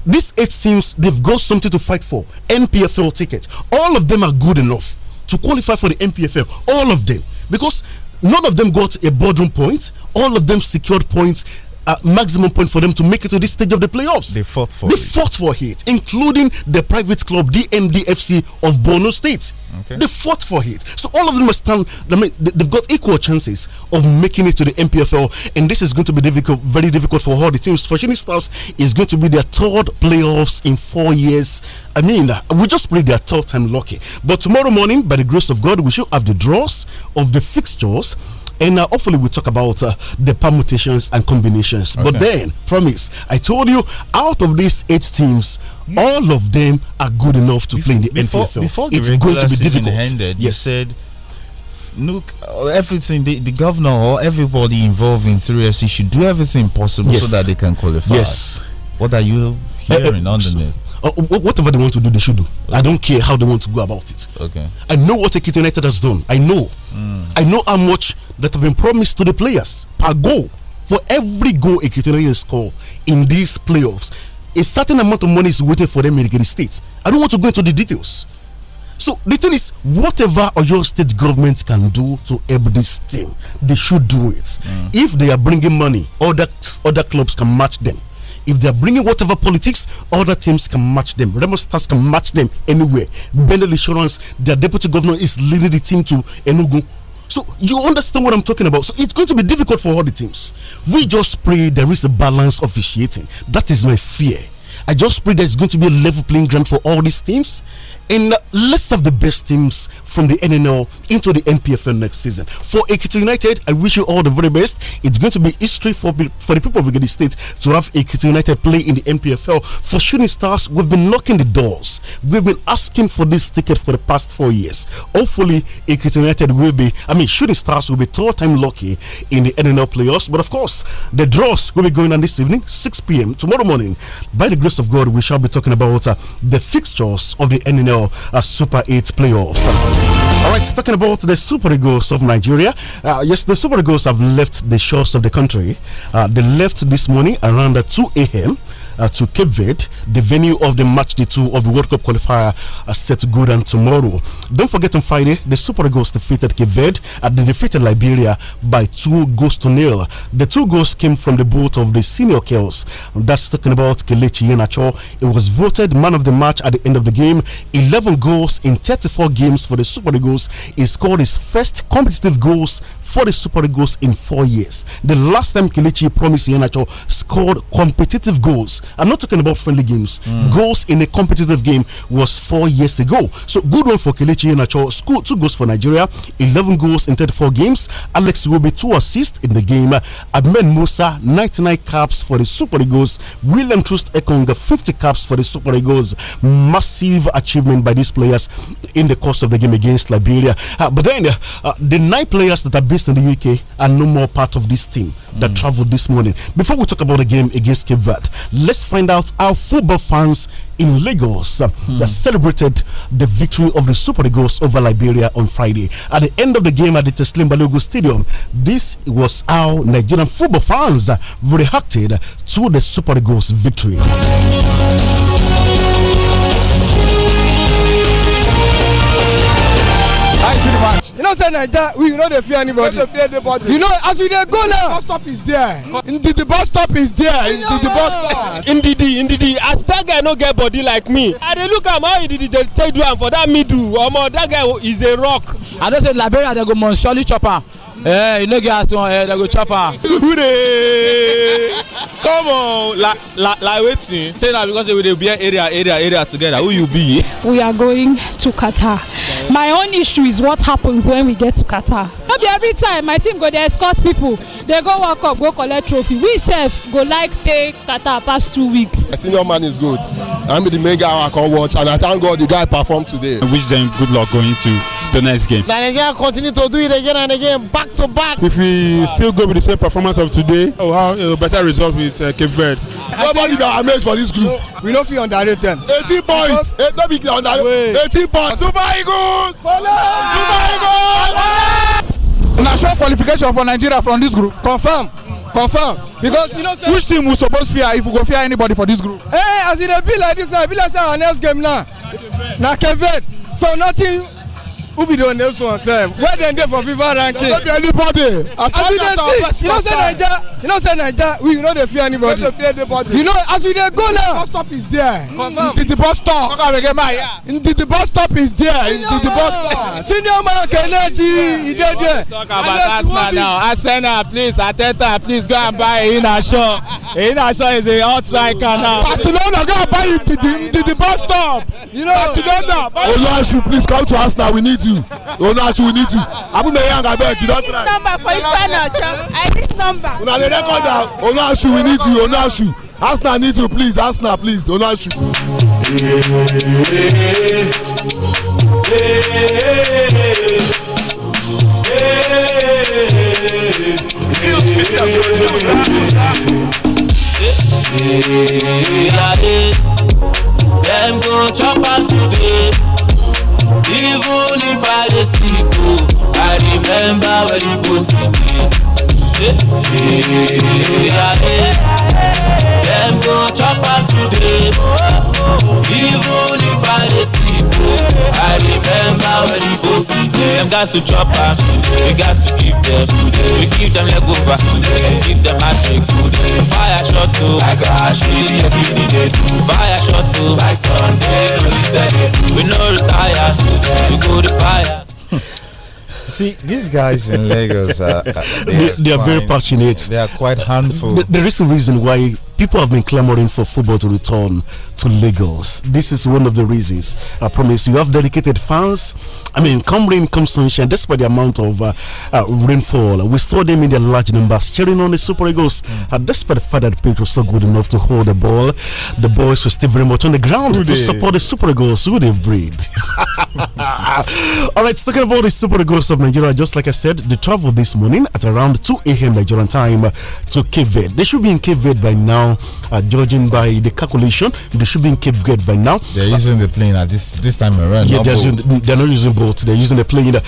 these eight teams they've got something to fight for. NPFL tickets, all of them are good enough to qualify for the NPFL. All of them because none of them got a boardroom point. All of them secured points uh, maximum point for them to make it to this stage of the playoffs. They fought for they it. fought for it, including the private club DMDFC of Borno State. Okay. They fought for it. So all of them must stand. I mean, they've got equal chances of making it to the MPFL, and this is going to be difficult, very difficult for all the teams. For Shini Stars, it's going to be their third playoffs in four years. I mean, uh, we just played their third time lucky. But tomorrow morning, by the grace of God, we should have the draws of the fixtures. And uh, hopefully, we'll talk about uh, the permutations and combinations. Okay. But then, promise, I told you, out of these eight teams, all of them are good enough to play in the before, Before the it's regular going to be season difficult. ended, yes. you said look everything the, the, governor or everybody involved in 3SC should do everything possible yes. so that they can qualify. Yes. What are you eh, eh, hearing uh, uh, underneath? Uh, whatever they want to do, they should do. Okay. I don't care how they want to go about it. Okay. I know what Ekiti United has done. I know. Mm. I know how much that have been promised to the players per goal for every goal a Equatorial score in these playoffs. A certain amount of money is waiting for them in the state. I don't want to go into the details. So the thing is, whatever your state government can do to help this team, they should do it. Mm. If they are bringing money, other other clubs can match them. If they are bringing whatever politics, other teams can match them. Remo Stars can match them anywhere. Bendel Insurance, their deputy governor is leading the team to Enugu so you understand what I'm talking about. So it's going to be difficult for all the teams. We just pray there is a balance officiating. That is my fear. I just pray there's going to be a level playing ground for all these teams in the list of the best teams from the NNL into the NPFL next season. For Ekiti United, I wish you all the very best. It's going to be history for, for the people of Egede State to have Ekiti United play in the NPFL. For Shooting Stars, we've been knocking the doors. We've been asking for this ticket for the past four years. Hopefully, Ekiti United will be, I mean, Shooting Stars will be third time lucky in the NNL playoffs. But of course, the draws will be going on this evening, 6 p.m. tomorrow morning. By the grace of God, we shall be talking about uh, the fixtures of the NNL a uh, Super 8 playoffs. All right, talking about the Super Eagles of Nigeria. Uh, yes, the Super Eagles have left the shores of the country. Uh, they left this morning around 2 a.m uh, to Cape Verde, the venue of the match day two of the World Cup qualifier uh, set good on tomorrow. Don't forget on Friday, the Super Eagles defeated Cape Verde and they defeated Liberia by two goals to nil. The two goals came from the boot of the senior Kels. That's talking about Kelechi Yenacho. It was voted man of the match at the end of the game. 11 goals in 34 games for the Super Eagles. He scored his first competitive goals for the Super Eagles in four years. The last time Kilichi promised Iheanacho scored competitive goals, I'm not talking about friendly games, mm. goals in a competitive game was four years ago. So good one for Kilichi Iheanacho. Scored two goals for Nigeria, 11 goals in 34 games. Alex be two assists in the game. Ahmed Musa, 99 caps for the Super Eagles. William Trust Ekonga, 50 caps for the Super Eagles. Massive achievement by these players in the course of the game against Liberia. Uh, but then uh, the nine players that have been based in the UK and no more part of this team that mm. traveled this morning. Before we talk about the game against Cape Verde, let's find out how football fans in Lagos mm. that celebrated the victory of the Super Eagles over Liberia on Friday. At the end of the game at the Teslim Balogu Stadium, this was how Nigerian football fans uh, reacted to the Super Eagles victory. you know say naija we no dey fear anybody. no dey fear anybody. you know as we dey go now. the bus stop is there. ndidi the bus stop is there. ndidi the bus stop. ndidi ndidi as dat guy no get body like me i dey look am how ndidi dey take do am for dat middle omo dat guy is a rock. i know say liberia dey go must surely chop am Yeah, you no get as one, eh, they go chop her. Come on, la la, like waiting. Say that because we dey bear area, area, area together. Who you be? We are going to Qatar. My own issue is what happens when we get to Qatar. No be every time my team go dey escort people. They go walk up, go collect trophy. We sef go like stay Qatar past two weeks. My senior man is good. I'm the main guy I can watch, and I thank God the guy performed today. I wish them good luck going to to next game. That Nigeria continue to do it again and again, back to back. If we still go with the same performance of today, we'll have a better result with uh, Cape Verde. Nobody dey amazed for this group. We no fit underrate them. eighteen points eh, no be underrate eighteen points. Super Eagles! Super Eagles! National qualification for Nigeria from this group confirm. confirm because you know, sir, which team we suppose fear if we go fear anybody for this group. eh hey, as e dey be like this now e be like say our next game now na Cape Verde. so nothing who be the next one sef where dem dey for fifa ranking. no be anybody as far as our first you know say naija you know say naija we no dey fear anybody. no dey fear anybody. you know as we dey go now. the bus stop is there. confam ndidi bus stop. kọ́kọ́ àgbẹ̀gẹ́ máa yá. ndidi bus stop is there ndidi bus stop. senior man kelechi idede. talk about arsenal now arsenal please ateta please go and buy ehinasho ehinasho is a hot striker now. barcelona go and buy ndidi ndidi bus stop. you know barcelona. oloasu please come to arsenal we need you you una she will need you abumeyan abeg you don try. i need number for you panel chop i need number. una dey record am una she we need you una she arsenal need you please arsenal please una she. Dem go chop am today. Even if I just sleep, I remember when you was sleeping. Yeah, yeah, yeah. Them go chop up today. Even never they sleep. I remember when the boss today. Them guys to chop us, we guys to give them. We give them leg over, we give them matrix. Fire shot to, I got a shit, yeah, give me the do. Fire shot to, by Sunday, we no retire, we go to fire. See, these guys in Lagos are, are uh, they, are, they are very passionate. They are quite handful. There is a reason why people have been clamoring for football to return to Lagos. This is one of the reasons. I promise you have dedicated fans. I mean, come rain, come sunshine, despite the amount of uh, uh, rainfall, we saw them in their large numbers cheering on the Super Eagles. Mm. And Uh, despite the fact that Pedro was so good enough to hold the ball, the boys were still very much on the ground Who to they? support the Super Eagles. Who they breed? All right, talking about the Super Eagles of Nigeria, just like I said, they travelled this morning at around 2 a.m. Nigerian time to Cape Verde. They should be in Cape Verde by now uh, judging by the calculation, they should be in Cape Verde by now. They're using the plane at this this time around. Yeah, they're, using, they're, not using boats. They're using a plane, uh,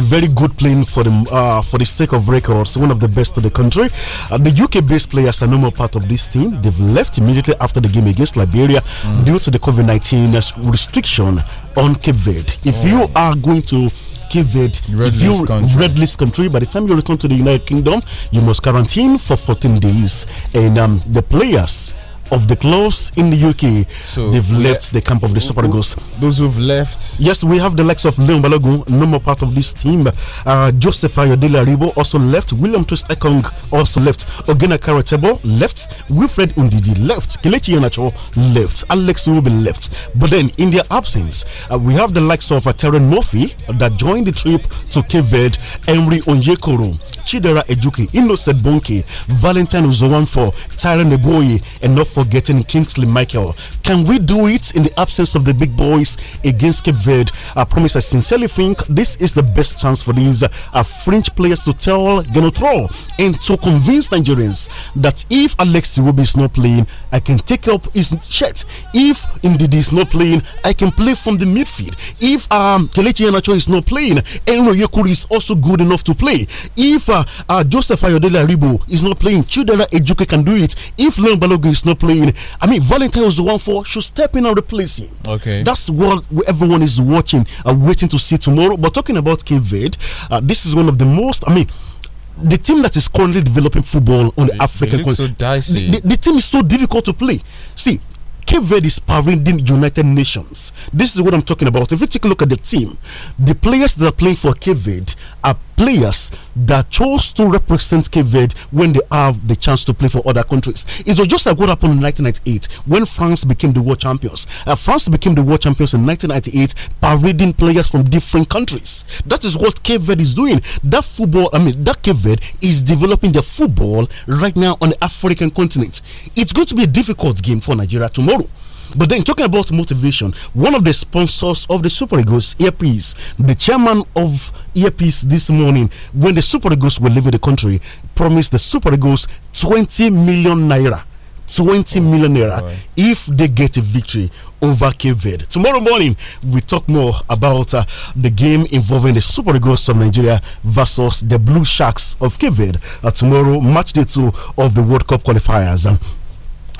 a very good plane for the uh, for the sake of records, one of the best of the country. Uh, the UK-based players are no more part of this team. They've left immediately after the game against Liberia mm. due to the COVID-19 restriction on Cape Verde. If oh. you are going to give it. Red if you country. red list country, by the time you return to the United Kingdom, you must quarantine for 14 days. And um, the players of the clubs in the UK. So they've left the camp of the Super Eagles. Those who've left. Yes, we have the likes of Leon Balogun, no more part of this team. Uh, Joseph Ayodele Aribo also left. William Ekong also left. Ogena Karatebo left. Wilfred Undidi left. Kelechi Yanacho left. Alex Rubin left. But then in their absence, uh, we have the likes of uh, Terran Murphy uh, that joined the trip to Kivet. Emery Henry Onyekoro, Chidera Ejuki, Innocent Bonke, Valentine Uzowanfo, Tyron Eboye, and for Getting Kingsley Michael. Can we do it in the absence of the big boys against Cape Verde? I promise I sincerely think this is the best chance for these uh, French players to tell Genotro and to convince Nigerians that if Alexi Iwobi is not playing, I can take up his shirt. If indeed he's not playing, I can play from the midfield. If um, Kelechi Yanacho is not playing, Enro Yekuri is also good enough to play. If uh, uh, Joseph Ayodele Aribo is not playing, Chidera Ejuke can do it. If Leon Balogun is not playing, I mean, Valentine was the one for should step in and replace him. Okay, that's what everyone is watching and uh, waiting to see tomorrow. But talking about Cape Verde, uh, this is one of the most. I mean the team that is currently developing football on the African continent. So dicey. The, the, the, team is so difficult to play. See, Cape Verde is powering the United Nations. This is what I'm talking about. If you take a look at the team, the players that are playing for Cape Verde are players that chose to represent Cape when they have the chance to play for other countries. It was just like what happened in 1998 when France became the world champions. Uh, France became the world champions in 1998, parading players from different countries. That is what Cape is doing. That football, I mean, that Cape is developing the football right now on the African continent. It's going to be a difficult game for Nigeria tomorrow. But then, talking about motivation, one of the sponsors of the Super Eagles, Earpiece, the chairman of earpiece this morning when the Super Eagles were leaving the country, promised the Super Eagles 20 million naira. 20 oh, million naira if they get a victory over Cape Verde. Tomorrow morning, we talk more about uh, the game involving the Super Eagles of Nigeria versus the Blue Sharks of Cape Verde. Uh, tomorrow, match day two of the World Cup qualifiers. Um,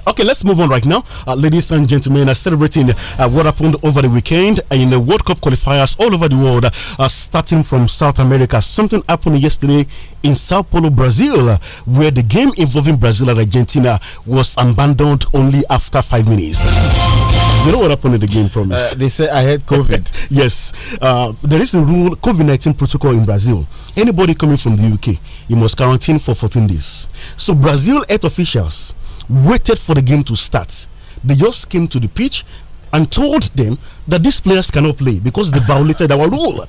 Okay, let's move on right now. Uh, ladies and gentlemen, uh, celebrating uh, what happened over the weekend in the World Cup qualifiers all over the world, uh, starting from South America. Something happened yesterday in Sao Paulo, Brazil, where the game involving Brazil and Argentina was abandoned only after five minutes. You know what happened in the game, promise? Uh, they said I had COVID. yes. Uh, there is a rule, COVID 19 protocol in Brazil. Anybody coming from the UK, you must quarantine for 14 days. So, Brazil health officials waited for the game to start. They just came to the pitch and told them that these players cannot play because they violated our rule.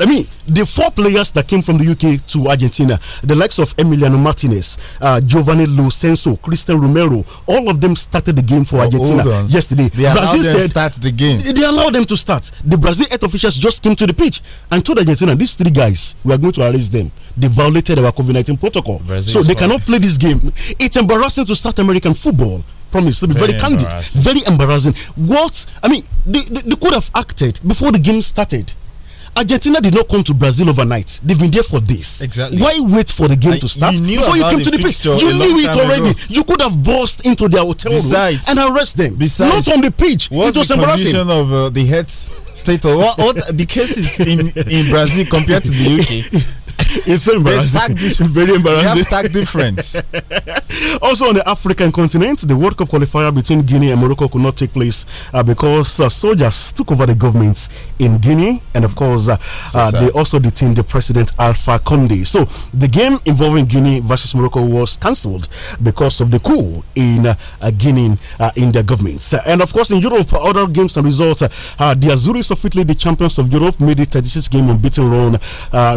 I mean, the four players that came from the UK to Argentina, the likes of Emiliano Martinez, uh, Giovanni Lucenso, Cristian Romero, all of them started the game for oh, Argentina oh, yesterday. They Brazil to start the game. They allowed them to start. The Brazil head officials just came to the pitch and told Argentina, these three guys, we are going to arrest them. They violated our COVID 19 protocol. Brazil so they cannot play this game. It's embarrassing to start American football promise. To be very, very candid, very embarrassing. What I mean, they, they, they could have acted before the game started. Argentina did not come to Brazil overnight. They've been there for this. Exactly. Why wait for the game to start you before you came to the pitch? You knew it already. Ago. You could have burst into their hotel Besides, room and arrest them. Besides, not on the pitch. What's it was the embarrassing. condition of uh, the head state of what, what the cases in in Brazil compared to the UK? it's so embarrassing. It's very embarrassing. You have tag difference. also on the African continent, the World Cup qualifier between Guinea and Morocco could not take place uh, because uh, soldiers took over the government in Guinea, and of course, uh, so uh, they also detained the president Alpha Conde. So the game involving Guinea versus Morocco was cancelled because of the coup in uh, uh, Guinea in their government. and of course, in Europe, other games and results: the Azuris of Italy, the champions of Europe, made a 36 game unbeaten run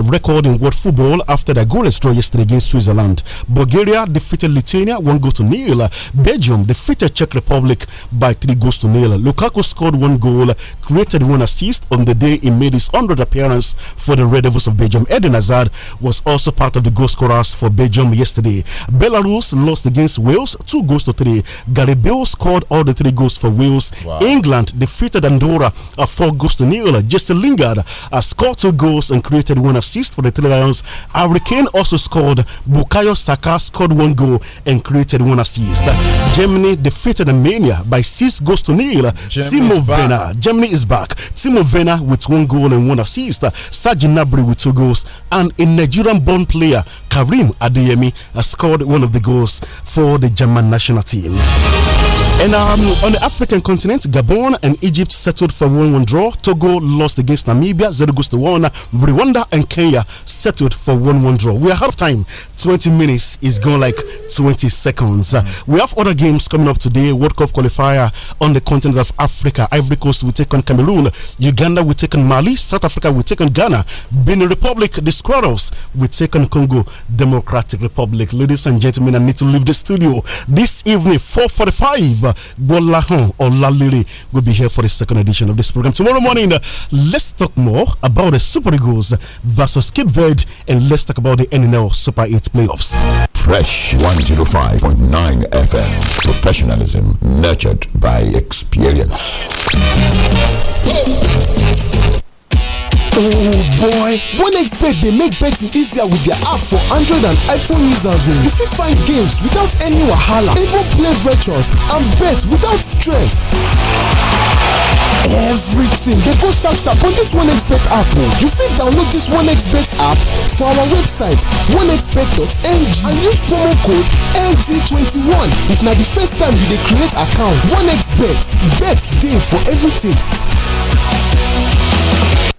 record in World football after their goalless draw yesterday against Switzerland. Bulgaria defeated Lithuania one goal to nil. Belgium defeated Czech Republic by three goals to nil. Lukaku scored one goal, created one assist on the day he made his 100th appearance for the Red Devils of Belgium. Eden Hazard was also part of the goal scorers for Belgium yesterday. Belarus lost against Wales two goals to three. Gary Bale scored all the three goals for Wales. Wow. England defeated Andorra uh, four goals to nil. Jesse Lingard uh, scored two goals and created one assist for the Lions. Hurricane also scored. Bukayo Saka scored one goal and created one assist. Germany defeated Armenia by six goals to nil. Germany Timo Werner. Germany is back. Timo Werner with one goal and one assist. Sajin Nabri with two goals. And a Nigerian-born player, Karim Adeyemi, scored one of the goals for the German national team. And um, on the African continent, Gabon and Egypt settled for 1 1 draw. Togo lost against Namibia, 0 goes to 1. Rwanda and Kenya settled for 1 1 draw. We are half time. 20 minutes is gone like 20 seconds. Mm We have other games coming up today. World Cup qualifier on the continent of Africa. Ivory Coast will take on Cameroon. Uganda will take on Mali. South Africa will take on Ghana. Benin Republic, the Squirrels will take on Congo Democratic Republic. Ladies and gentlemen, I need to leave the studio this evening, 4.45 uh, or Lalili will be here for the second edition of this program. Tomorrow morning, uh, let's talk more about the Super Eagles versus Cape Verde and let's talk about the NNL Super 8 playoffs. Fresh 105.9 FM. Professionalism nurtured by experience. Oh boy! OneXBet dey make betting easier with their app for Android and iPhone users o. Oh. You fit find games without any wahala, even play virtuals and bet without stress. Everything dey go sharp sharp on this OneXBet app o. Oh. You fit download this OneXBet app for our website onexbet.ng and use promo code NG21 if na the first time you dey create account. OneXBet, bet dey for every taste.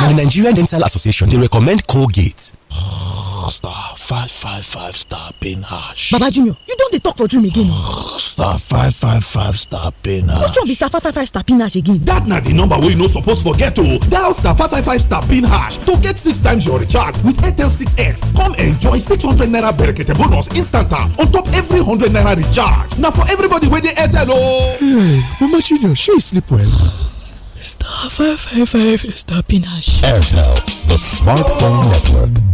Now, the Nigerian Dental Association, they recommend Colgate. star five five five star pain hash. baba Junior, you don't talk for dream again star five five five star pain hash. What's wrong, be star five five five star pain hash again. dat na the number wey you no to forget o oh. dial star five five five star pain hash to get six times your recharge with airtel 6x come enjoy six hundred naira berekete bonus instant ah, on top every hundred naira recharge Now for everybody wey dey airtel oh. Hey, mama junior shey you sleep well. Star 555 is the pinash. Airtel, the smartphone network.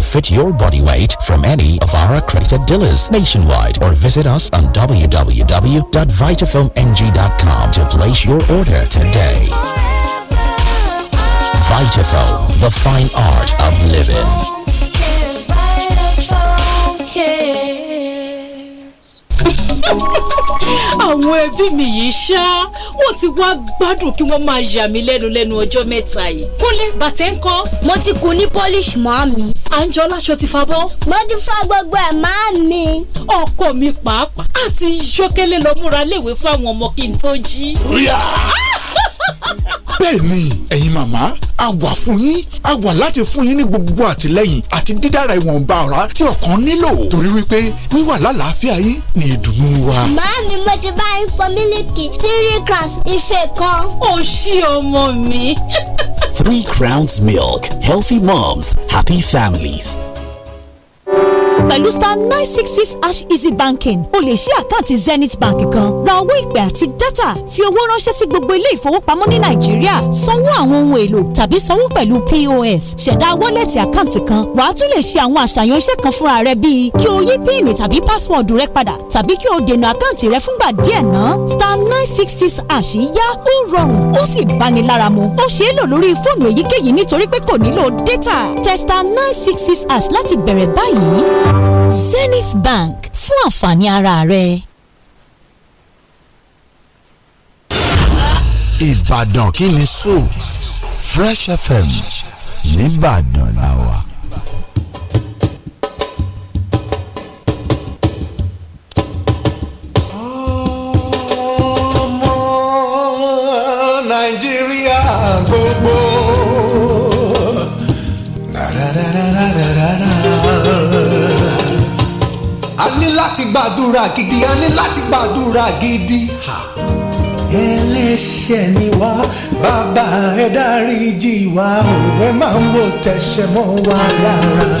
to fit your body weight from any of our accredited dealers nationwide or visit us on www.vitafilmng.com to place your order today. Vitafilm, the fine art of living. àwọn ẹbí mi yìí ṣá wọn ti wá gbádùn kí wọn máa yà mí lẹ́nu lẹ́nu ọjọ́ mẹ́ta yìí. kúnlẹ̀ bàtẹ́ mo ti kun ní polish mọ́ mi. àǹjọ láṣọ ti fa bọ́. mo ti fa gbogbo ẹ̀ máa mi. ọkọ mi pàápàá àti ṣókélé lọ múra léwe fún àwọn ọmọ kí n tó jí. ríà bẹ́ẹ̀ ni ẹ̀yin màmá a wà fún yín a wà láti fún yín ní gbogbo àtìlẹ́yìn àti dídára ìwọ̀nba ọ̀rá tí ọkàn nílò torí wípé wíwà lálàáfíà yín ni ìdùnnú wa. màámi mo ti bá yín pọn mílìkì tírí crans ife kan. o ṣí ọmọ mi. Three Crowns Milk. Healthy moms, happy families. pẹ̀lú star nine six six hash easy banking o lè ṣí àkáǹtì zenith bank kan ra owó ìpè àti dátà fi owó ránṣẹ́ sí gbogbo ilé ìfowópamọ́ ní nàìjíríà sanwó àwọn ohun èlò tàbí sanwó pẹ̀lú pos ṣẹ̀dá wọ́lẹ̀tì àkáǹtì kan wà á tún lè ṣe àwọn àṣàyàn iṣẹ́ kan fúnra rẹ bíi kí o yí píìnì tàbí pásíwọ̀dù rẹ padà tàbí kí o dènà àkáǹtì rẹ fúngbà díẹ̀ náà star nine six six hash yá ó rọrùn ó sì bani lára mu ó ṣeé lò lórí fóònù èyíkéyìí nítorí pé kò nílò dátà testa nine six six hash láti bẹ̀rẹ̀ báyìí. Zenith Bank fún àǹfààní ara rẹ. Ìbàdàn kí ni so Fresh FM nìbàdàn la wà. Ọmọ Nàìjíríà gbogbo. ní láti gbàdúrà gidi a ní láti gbàdúrà gidi. ẹlẹ́ṣẹ̀ ni wá bàbá ẹ dáríjì wá òwe máa ń wò tẹ̀sẹ̀ mọ́ wa lára.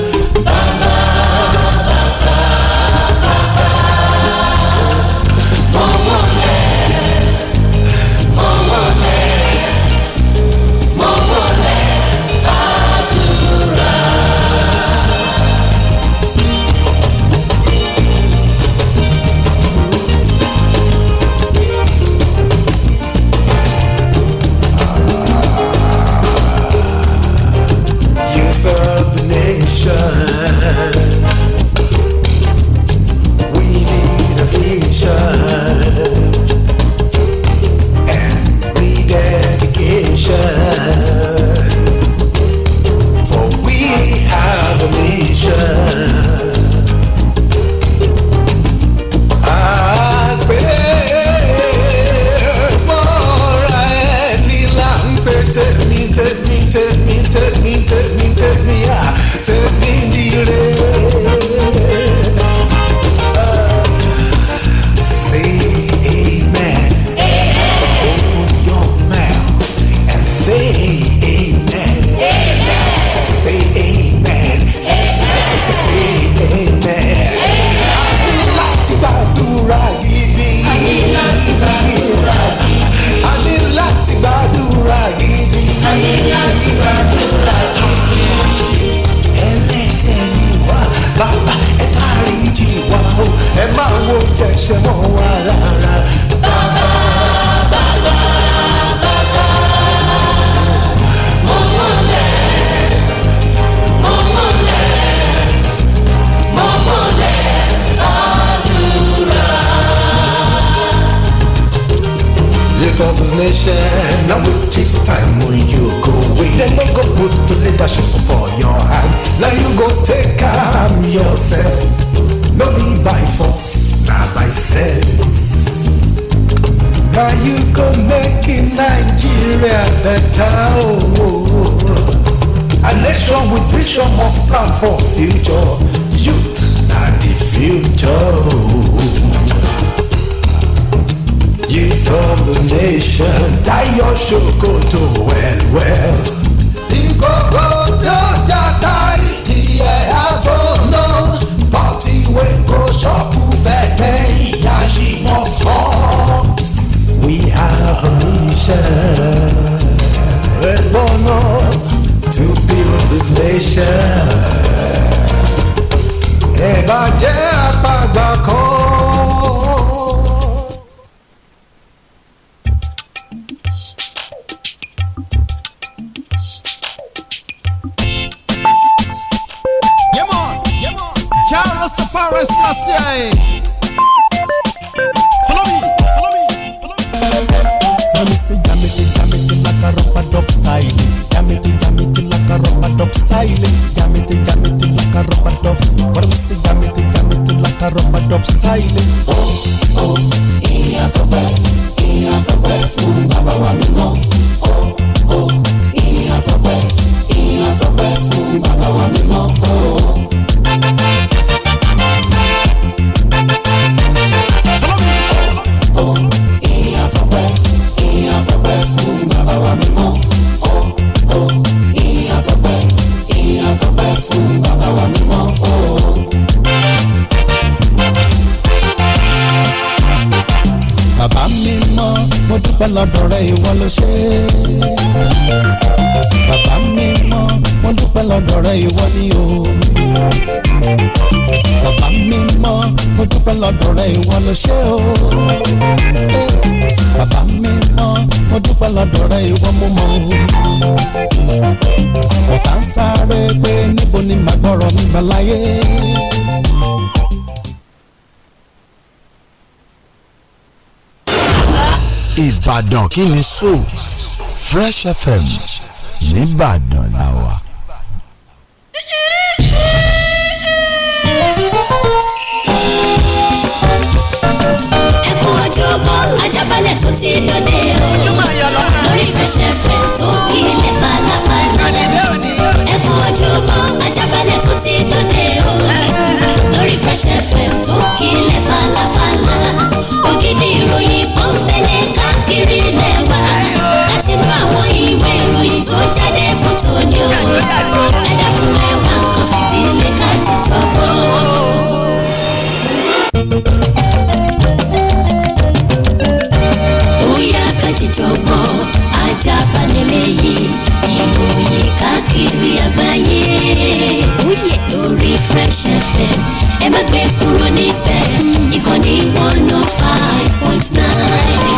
ìbàdàn kí ni so fresh fm nìbàdàn la wà. ẹ kú ojúmọ́ ajábalẹ̀ tó ti dòde o lórí fresh fm tó kílẹ̀ falafala ẹ kú ojúmọ́ ajábalẹ̀ tó ti dòde o lórí fresh fm tó kílẹ̀ falafala. orílẹ̀ wa láti mú àwọn ìwé ìròyìn tó jáde fún tòní o ẹ dákun ẹ wá nǹkan fìdílé ká jíjọ bóyá ká jíjọ ajá balẹ̀ lẹ́yìn ìròyìn káàkiri àgbáyé lórí Fresh FM ẹ má gbé kúrò níbẹ̀ ìkànnì one oh five point nine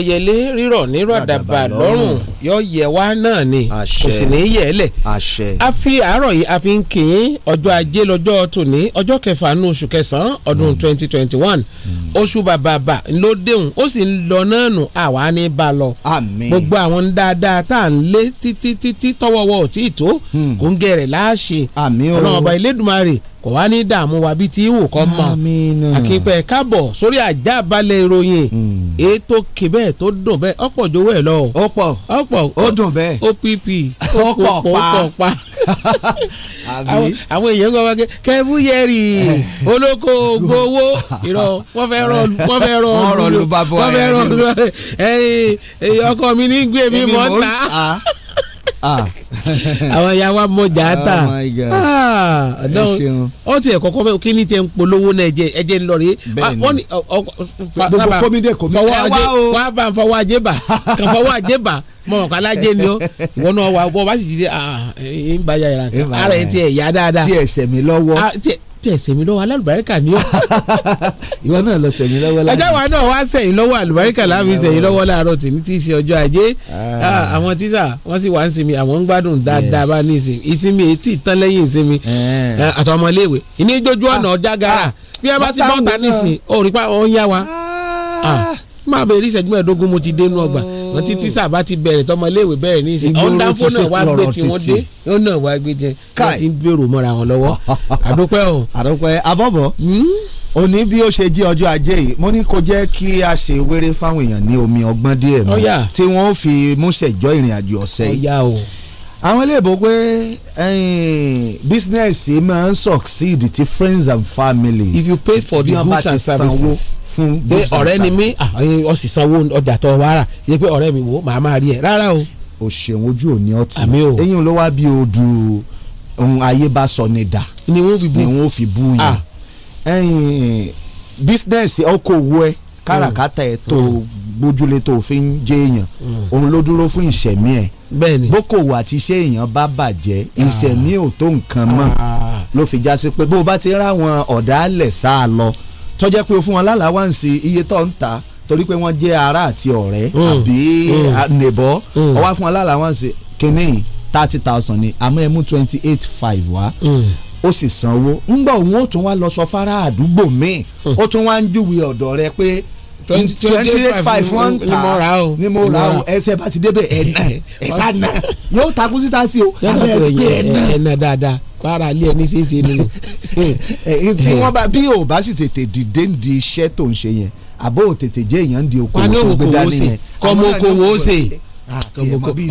ẹyẹlé rírọ̀ ní ràdàbà lọ́rùn yọ yẹ wá náà ni kò sì ní yẹ ẹ lẹ. a fi àárọ̀ yìí a fi ń kì í ọjọ́ ajé lọ́jọ́ tòní ọjọ́ kẹfà nù oṣù kẹsàn-án ọdún mm. twenty twenty one mm. oṣù bàbàbà ló déhùn ó sì ń lọ náà nù àwa ní bá lọ. gbogbo àwọn dáadáa tá à ń lé títí títí tọwọ́wọ́ ò tí ì tó hmm. kò ń gẹ̀rẹ̀ láàṣẹ ọ̀nà ọba Elédùmarè kò wá ní dààmú wa bíi ti ìwò kan mọ àkínpẹ káàbọ̀ sórí àjàbalẹ̀ ìròyìn hmm. ètò kìbẹ tó dùn bẹ́ẹ̀ ọ̀pọ̀ jọ̀wọ́ ẹ lọ. ọ̀pọ̀ pọ̀ ó dùn bẹ́ẹ̀ ó pípì ó pọ̀ pa ó pọ̀ pa àwọn èèyàn gbọ́ wákẹ́ kẹ́búyẹ̀rì olóko gbowó ìrọ̀ wọ́n fẹ́ rọ wọ́n fẹ́ rọ lulu wọ́n fẹ́ rọ lulu ẹ̀yìn ọkọ mi ní gbé mi mọ́ ta ah. àwọn ìyá wa mọjà ta ọ tiẹ̀ kọ́kọ́ bẹ́ẹ̀ kí ni tiẹ̀ ń polówó náà ẹ̀jẹ̀ ẹ̀jẹ̀ ń lọ rèé ah, wọ́n ní gbogbo kọ́mídé kọ́mídé fọwọ́ ajé wà á bá fọwọ́ ajé bà kàn fọwọ́ ajé bà mọ ọkọ alájẹ ni ọ ìwọ náà wà bọ bá sì ti ẹ ń bá ya ìrà ara ẹ ti ẹ yá dáadáa tí ẹ sẹmi lọ́wọ́ tí ẹ sẹmi lọ́wọ́ alálùbáríkà ni ó. ìwọ náà lọ sẹmi lọ́wọ́ láàárọ̀. ajáwa náà wá sẹyìn lọ́wọ́ alùbáríkà láàmì sẹyìn lọ́wọ́ láàárọ̀ tìní tí í ṣe ọjọ́ ajé ah. Ah, àwọn tíṣà wọn sì wá ń sinmi àwọn ń gbádùn dáadáa bá ní ìsinmi ìsinmi etí ìtàn lẹ́yìn ìsinmi eh. eh, àtọmọléèwé ìní jójú ọ̀nà ọjà ah. gara bí ẹ bá ti bọ́ta nísìn òrìpá ọ̀ yá wa máa bẹ̀rẹ̀ ìṣẹ́jú mẹ́ẹ̀ẹ́dógún mo ti dé inú ọgbà wọn ti tíṣà bá ti bẹ̀rẹ̀ tọmọléèwé bẹ̀rẹ̀ ní ìsìn ọ̀ndàfó náà wá gbé tí wọ́n dé ó wá gbé jẹ káà ti ń bèrò mọ́ra wọn lọ́wọ́ àdópẹ́ o. àdópẹ́ abọ́bọ̀ hmm? òní bí ó ṣe jí ọjọ́ ajé yìí mo ní kó jẹ́ kí a ṣe wéré fáwọn èèyàn ní omi ọgbọ́n díẹ̀ mọ́ tí wọ́n fi múṣẹ̀jọ́ ìrìn àjò ọ̀sẹ̀ yìí àwọn iléèbó pé business máa ń succeed ti friends and family. if you pay for the goods and services fún goods and services. ọ̀rẹ́ ni mí ah, ọ̀sì sanwó ọjà tó wàrà yẹ pé ọ̀rẹ́ mi wò màá máa rí ẹ rárá o. o ṣeun ojú òní ọtí eyín ló wá bí odù ohun ayé bá sọ ni dà ni wọ́n fi bú yẹn ah. bísínẹ́sì ọkọ̀ òwú ẹ káràkátà ẹ̀ tó gbójúlé tó fi ń jẹ́ èèyàn mm. òun ló dúró fún ìṣẹ̀mí ẹ̀ bẹ́ẹ̀ni bókòwò àti iṣẹ́ èèyàn bá bàjẹ́ ah. ìṣẹ̀mí ò tó nǹkan mọ́ ah. ló fi já sí pé bó o bá ti ráwọn ọ̀dàálẹ̀ sá a lọ tọ́jẹ́ pé o fún wọn lálàáwáǹsì iye tó ń ta torí pé wọ́n jẹ́ ará àti ọ̀rẹ́ mm. àbí mm. nèbọ́ ọwá fún wọn lálàáwáǹsì kínní thirty thousand ni àmọ́ ẹ mú twenty eight five wá ó sì sanwó ńgbà òun ó tún wá lọ sọ fara àdúgbò míì ó tún wá ń júwe ọ̀dọ̀ rẹ pé twenty eight five one ta ni mo ra o ẹsẹ̀ bá ti débẹ̀ ẹ̀nà ẹ̀sà nà yóò takú síta sí o abẹ́ ẹ̀nà ẹ̀nà ẹ̀nà dáadáa para alẹ́ ẹni ṣeéṣe nínú. tí wọ́n bá bí o bá sì tètè dìde ń di iṣẹ́ tó ń ṣe yẹn àbó tètè jẹ́ èèyàn ń di okòwò tó gbé dání yẹn. kọ́mọ okòwò ó ṣe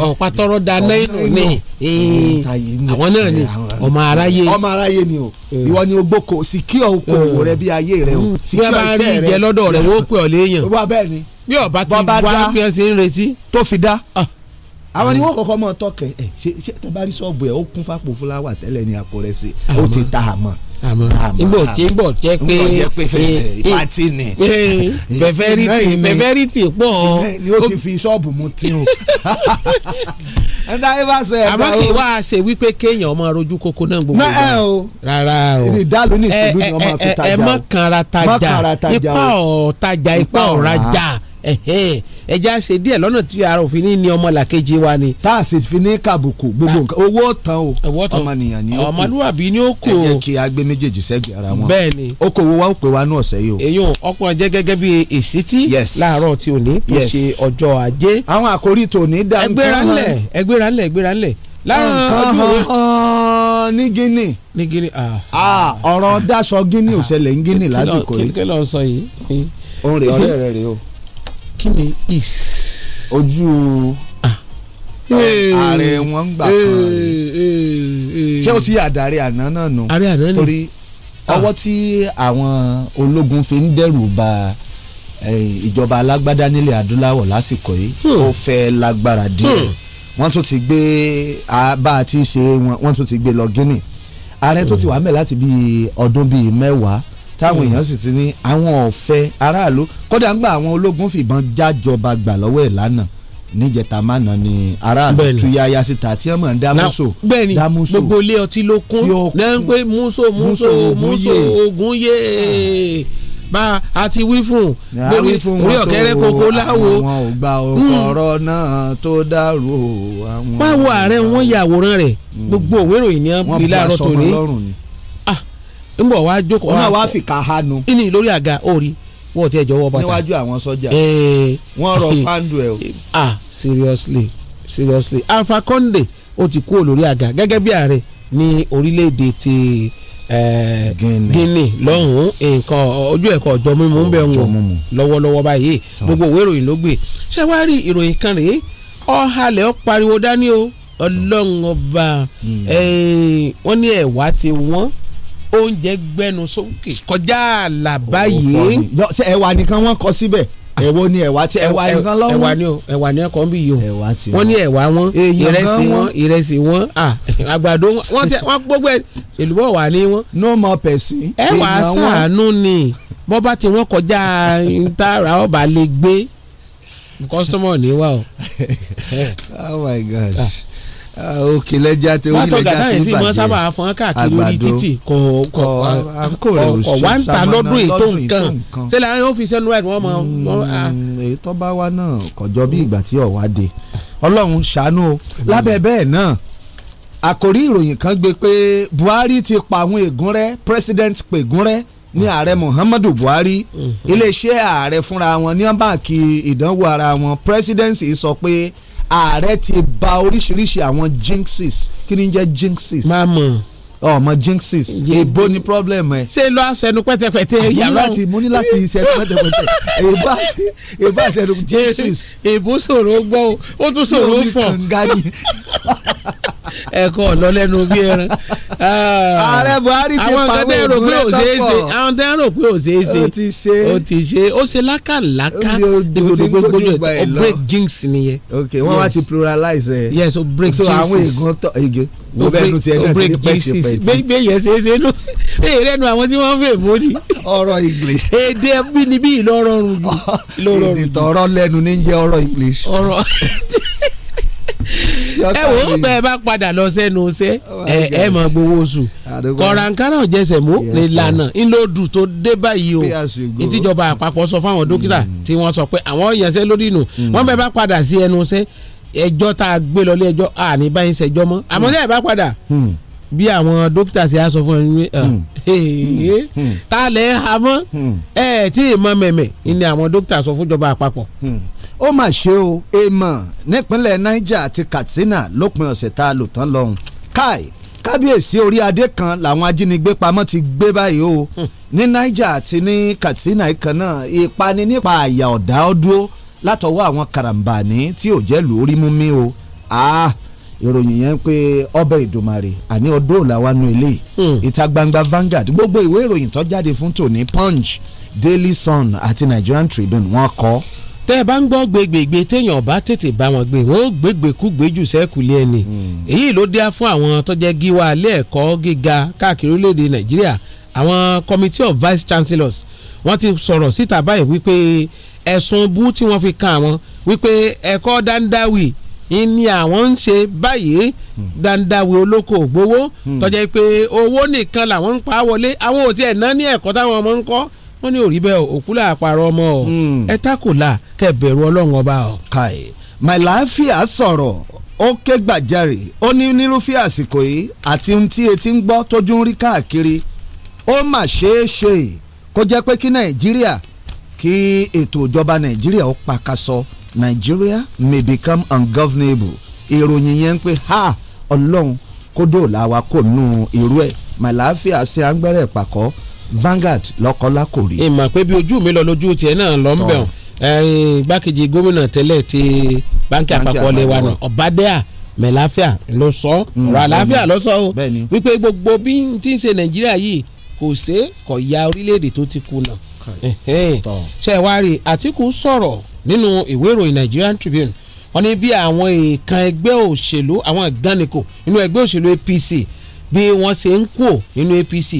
ọ̀pá tọrọ dáná ìlú eh, ni àwọn náà ni ọmọ aráyé ọmọ aráyé ni o eh. ìwọ ni o gboko síkíọ̀ okòwò eh. rẹ bí ayé rẹ o síkíọ̀ iṣẹ́ rẹ bí a bá rí ìjẹ lọ́dọ̀ rẹ wọ́n pè ọ́ léèyàn bí ọba ti wá bí ẹ ṣe ń retí. tó fi dá ah. àwọn ni wọn kọ́kọ́ mọ tọkẹ ẹ ṣe tẹ bá rí ṣọ́ọ̀bù ẹ ó kún fápò fúláwà tẹ́lẹ̀ ní àkọrẹsì ó ti ta àmọ́ àmọ́ ìgbò tí ìgbò jẹ́ pé pati ni fẹfẹrìtì fẹfẹrìtì pọ̀ ni ó ti fi ṣọ́ọ̀bù mu tí o àmọ́ kì í wá ṣe wípé kéèyàn ọmọ rojú kókó náà gbogbo náà rárá o ìdálò ní ìṣèlú ni wọ́n máa fi tajà ẹ mọ́ kanra tajà ipa ọ̀ tajà ipa ọ̀ rajà ẹja ṣe díẹ̀ lọ́nà tí ara òfin ní ni ọmọlàkejì wa ni. tá a sì fi ní kàbùkù gbogbo nǹkan owó tán o ọmọnìyàn ni ó kù ọmọlúwàbí ni ó kù. ẹ jẹ́ kí a gbé méjèèjì sẹ́gbẹ̀ẹ́ ara wọn. bẹ́ẹ̀ni okòwò wa ó pè wá ní ọ̀sẹ̀ yìí o. èyí ò ọkùnrin jẹ́ gẹ́gẹ́ bí èsítí láàárọ̀ tí òní tó ṣe ọjọ́ ajé. àwọn àkórí tòní ní Guinea ní Guinea ah ọ̀rọ̀ dáṣọ Guinea ò ṣẹlẹ̀ ní Guinea lásìkò yìí kí ni is. ojú ah. ààrẹ wọn gbà kan rè ṣé o ti àdàrí àná náà nù torí ah. ọwọ́ tí àwọn ológun fi ń dẹ́rù bà ìjọba alágbádá nílẹ̀ adúláwọ̀ lásìkò yìí hmm. ó fẹ́ lágbára díẹ̀ hmm. wọ́n tún ti gbé bá a ti ṣe wọ́n tún ti gbé lọ Guinea ààrẹ tó ti wà mẹ́ láti bíi ọdún bíi mẹ́wàá táwọn hmm. èèyàn sì ti ní àwọn ọ̀fẹ́ aráàlú kódà ńgbà àwọn ológun fìbọn jájọba gbà lọ́wọ́ ẹ̀ lánàá níjẹta ni aráàlú tuyaya síta tí wọn ń dá múso dá múso gbogbo ilé ọtí ló kún lẹ́yìn pé múso múso múso ogun yé bá a wí fún un orí ọ̀kẹ́rẹ́ koko láwo. àwọn ò hmm. ọ̀rọ̀ náà tó dàrú àwọn. báwo ààrẹ wọn ya àwòrán hmm. gbogbo òwe ìròyìn ni wọn pè láàárọ̀ tòní n bọ̀ wá jókòó. ọ̀nà wa fìkà hanu. ìní lórí àga orí wọ́n ti ẹ̀jọ̀ wọ bàtà. níwájú àwọn sọ́jà. wọ́n rọ sandu o. ah seriously seriously Alpha Conde ó ti kúrò lórí àga gẹ́gẹ́ bí ààrẹ ní orílẹ̀-èdè ti Guinea lọ́hùn-ún nǹkan ojú ẹ̀kọ́ ọ̀jọ́ mímu ń bẹ̀ ń wò lọ́wọ́lọ́wọ́ báyìí gbogbo òwe ìròyìn ló gbé ṣé wàá rí ìròyìn kan rèé ọ̀hálẹ̀ ó pariwo dání o ọlọ́run ọba wọ́n ní ẹ̀wá ti wọ́n oúnjẹ gbẹnu sókè kọjá àlà báyìí. ẹ̀wà nìkan wọ́n kọ síbẹ̀ ah. ẹ̀wọ́ ni ẹ̀wà tí ẹ̀wà nìkan lọ́wọ́ ẹ̀wà ni ẹ̀wà ni ẹ̀kọ́ ń bí yìí o wọ́n ní ẹ̀wà wọn ìrẹsì wọn ìrẹsì wọn àgbàdo wọn wọn gbogbo ẹ̀ èlùbọ̀ wà ní wọn. no more person. ẹ̀wà sàánú ni bọ́bá tí wọ́n kọjá ntara ọba lè gbé kọ́sítọ́mọ̀ ní wa o. oh my gosh. Ah, òkè lẹ́jà tẹ orí lẹ́jà tí ń bàjẹ́ àgbàdo àgbàdo àti ìmọ̀ sábà fọ́n káàkiri orí títì kò kò kò wá ń ta lọ́dún ètò nǹkan ṣé láàrin ó fi sẹ́nu ẹ̀ wọ́n mọ. Hmm, èyí tó bá wá náà kọjọ bí ìgbà tí ọ̀wá dé ọlọ́run ṣàánú o hmm. lábẹ́ bẹ́ẹ̀ náà àkòrí ìròyìn kan gbé pé Buhari ti pa àwọn ègún president pègún rẹ ní ààrẹ Muhammadu Buhari hmm. iléeṣẹ́ ààrẹ fúnra wọn ní ọ̀bàkì ìdánwò ara wọn presidency sọ pé ààrẹ ti ba oríṣiríṣi àwọn jinxes kí ni jẹ́ jinxes. máa mọ̀ ọmọ jinxes èbó ni problem ẹ. ṣé lọ sẹnu pẹtẹpẹtẹ yàrá o mo ní láti sẹnu pẹtẹpẹtẹ èbá èbá sẹnu jinxes. èbó ṣòro gbọ́ o ó tún ṣòro fọ̀ ẹ̀kọ́ ọ̀lọ́lẹ́nu bí ẹran Ah. ààrẹ buhari ti pàwé ògùn rẹ tọ́pọ̀ àwọn tẹ́ ń rò pé ò ṣeé ṣe ó ti ṣe ó ti ṣe ó ṣe lákàlákà gbogbogbò ó break jinx nìyẹn. ok wọ́n wá ti pluralize ẹ yes ó break jinx so àwọn ègún tọ ègè wo bẹ́ẹ̀ nu tiẹ̀ náà ti ní pẹ́ẹ́tì bẹ́ẹ̀ yẹn ṣeé ṣe nù bẹ́ẹ̀ rẹ́nu àwọn tí wọ́n fẹ́ mú ni. ọ̀rọ̀ english. èdè bínibí ìlọrọrùn jù. èdè tọ̀rọ̀ lẹ́nu ní jẹ́ ọ̀rọ̀ english. ọ̀rọ̀ ẹ wo bẹ́ẹ̀ bá padà lọ sẹ́nu ṣe oh ẹ ẹ mọ̀ gbowó oṣù ah, kọ̀ọ̀rànkárà ọ̀jẹsẹ̀ mú ìlànà ńlọ́dù tó dé báyìí o ìtìjọba àpapọ̀ sọ fáwọn dókítà mm. tí wọ́n sọ pé àwọn ìyànṣẹ́ lórí inú mm. wọ́n bẹ́ẹ̀ bá padà sí ẹnu ṣe ẹjọ́ tá a gbé lọ lé ẹjọ́ àní báyìí ṣẹjọ́ mọ́ àmọ́ mm. ní ẹ̀ bá padà bí àwọn dókítà ṣe á sọ fún ẹ ah, ta lẹ́ hamọ́ ẹ tí ì mọ mẹ̀mẹ̀ ni àwọn dókítà sọ fún ìjọba àpapọ̀ ó mà ṣe o èèmọ̀ nípínlẹ̀ Niger àti Katsina lópin ọ̀sẹ̀ tá a lò tán lọ́hùn káì kábíyèsí orí adé kan làwọn ajínigbé pamọ́ ti gbé báyìí o hmm. ní Niger àti ní Katsina ìkan náà ìpani nípa àyà ọ̀dà ọdúró látọwọ́ àwọn karambani tí ò jẹ́ lù mú mi o ah ìròyìn yẹn pé ọbẹ̀ ìdòmàrè àní ọdún ọ̀la wa nu ilé hmm. ìta gbangba Vanguard gbogbo ìwé ìròyìn tó jáde fún tòní Punch Daily Sun àti Nigerian Tribune wọ́n kọ tẹ́ ẹ bá ń gbọ́ gbégbègbè téèyàn bá tètè bá wọn gbé wọn ó gbégbèkúgbé jù sẹ́kùlé ẹni hmm. èyí ló dé fún àwọn tó jẹ́ gíwá ilé ẹ̀kọ́ gíga káàkiri orílẹ̀-èdè Nàìjíríà àwọn committee of vice chancellors wọ́n ti sọ̀rọ̀ síta báyìí wípé ẹ̀sùn bú tí wọ́n fi kan àwọn wípé ẹ̀kọ́ dáńdáwì ni àwọn ń ṣe báyìí hmm. dáńdáwì olóko ògbówó tó hmm. jẹ́ pé owó nìkan làwọn ń pa wọlé àwọn ò tiẹ̀ ná ní ẹ̀kọ́ wọ́n ní òrí bẹ́ẹ̀ òkú là àparọ́ ọmọ ọ hmm. ẹ tákòlà kẹbẹ̀rù ọlọ́run ọba ọ. káì màláfíà sọ̀rọ̀ ó ké gbàjarè ó ní nírúfẹ́ àsìkò yìí àti ohun tí etí ń gbọ́ tójú ń rí káàkiri ó mà ṣeé ṣe kó jẹ́ pé kí nàìjíríà kí ètò ìjọba nàìjíríà ó pakasọ nàìjíríà may become ungovernable ìròyìn yẹn ń pè ha ọlọ́run kó dòòlà wa kò nù irú ẹ̀ màláfíà ṣe àgbẹ̀rẹ̀ pàkọ́ Vanguard lọ́kọ́lá kò rí. ìmọ̀ pé bí ojú mi lọ lójú tiẹ̀ náà lọ ń bẹ̀rùn igbákejì gómìnà tẹ́lẹ̀ ti báńkì àpapọ̀ lè wà náà ọ̀bádẹ́à mẹ̀láfíà ló sọ mm, ọ̀rọ̀ mm, àláfíà ló sọ o wípé gbogbo bí n ti ń ṣe nàìjíríà yìí kò ṣe kò ya orílẹ̀-èdè tó ti kùnà ṣe wá rí àtìkù sọ̀rọ̀ nínú ìwé ìròyìn Nigerian Tribune wọ́n ní bí àwọn èèkàn ẹgbẹ́ òṣèlú àwọn ìgbànnìkò nínú ẹgbẹ́ òṣèlú APC bí wọ́n ṣe ń kú nínú APC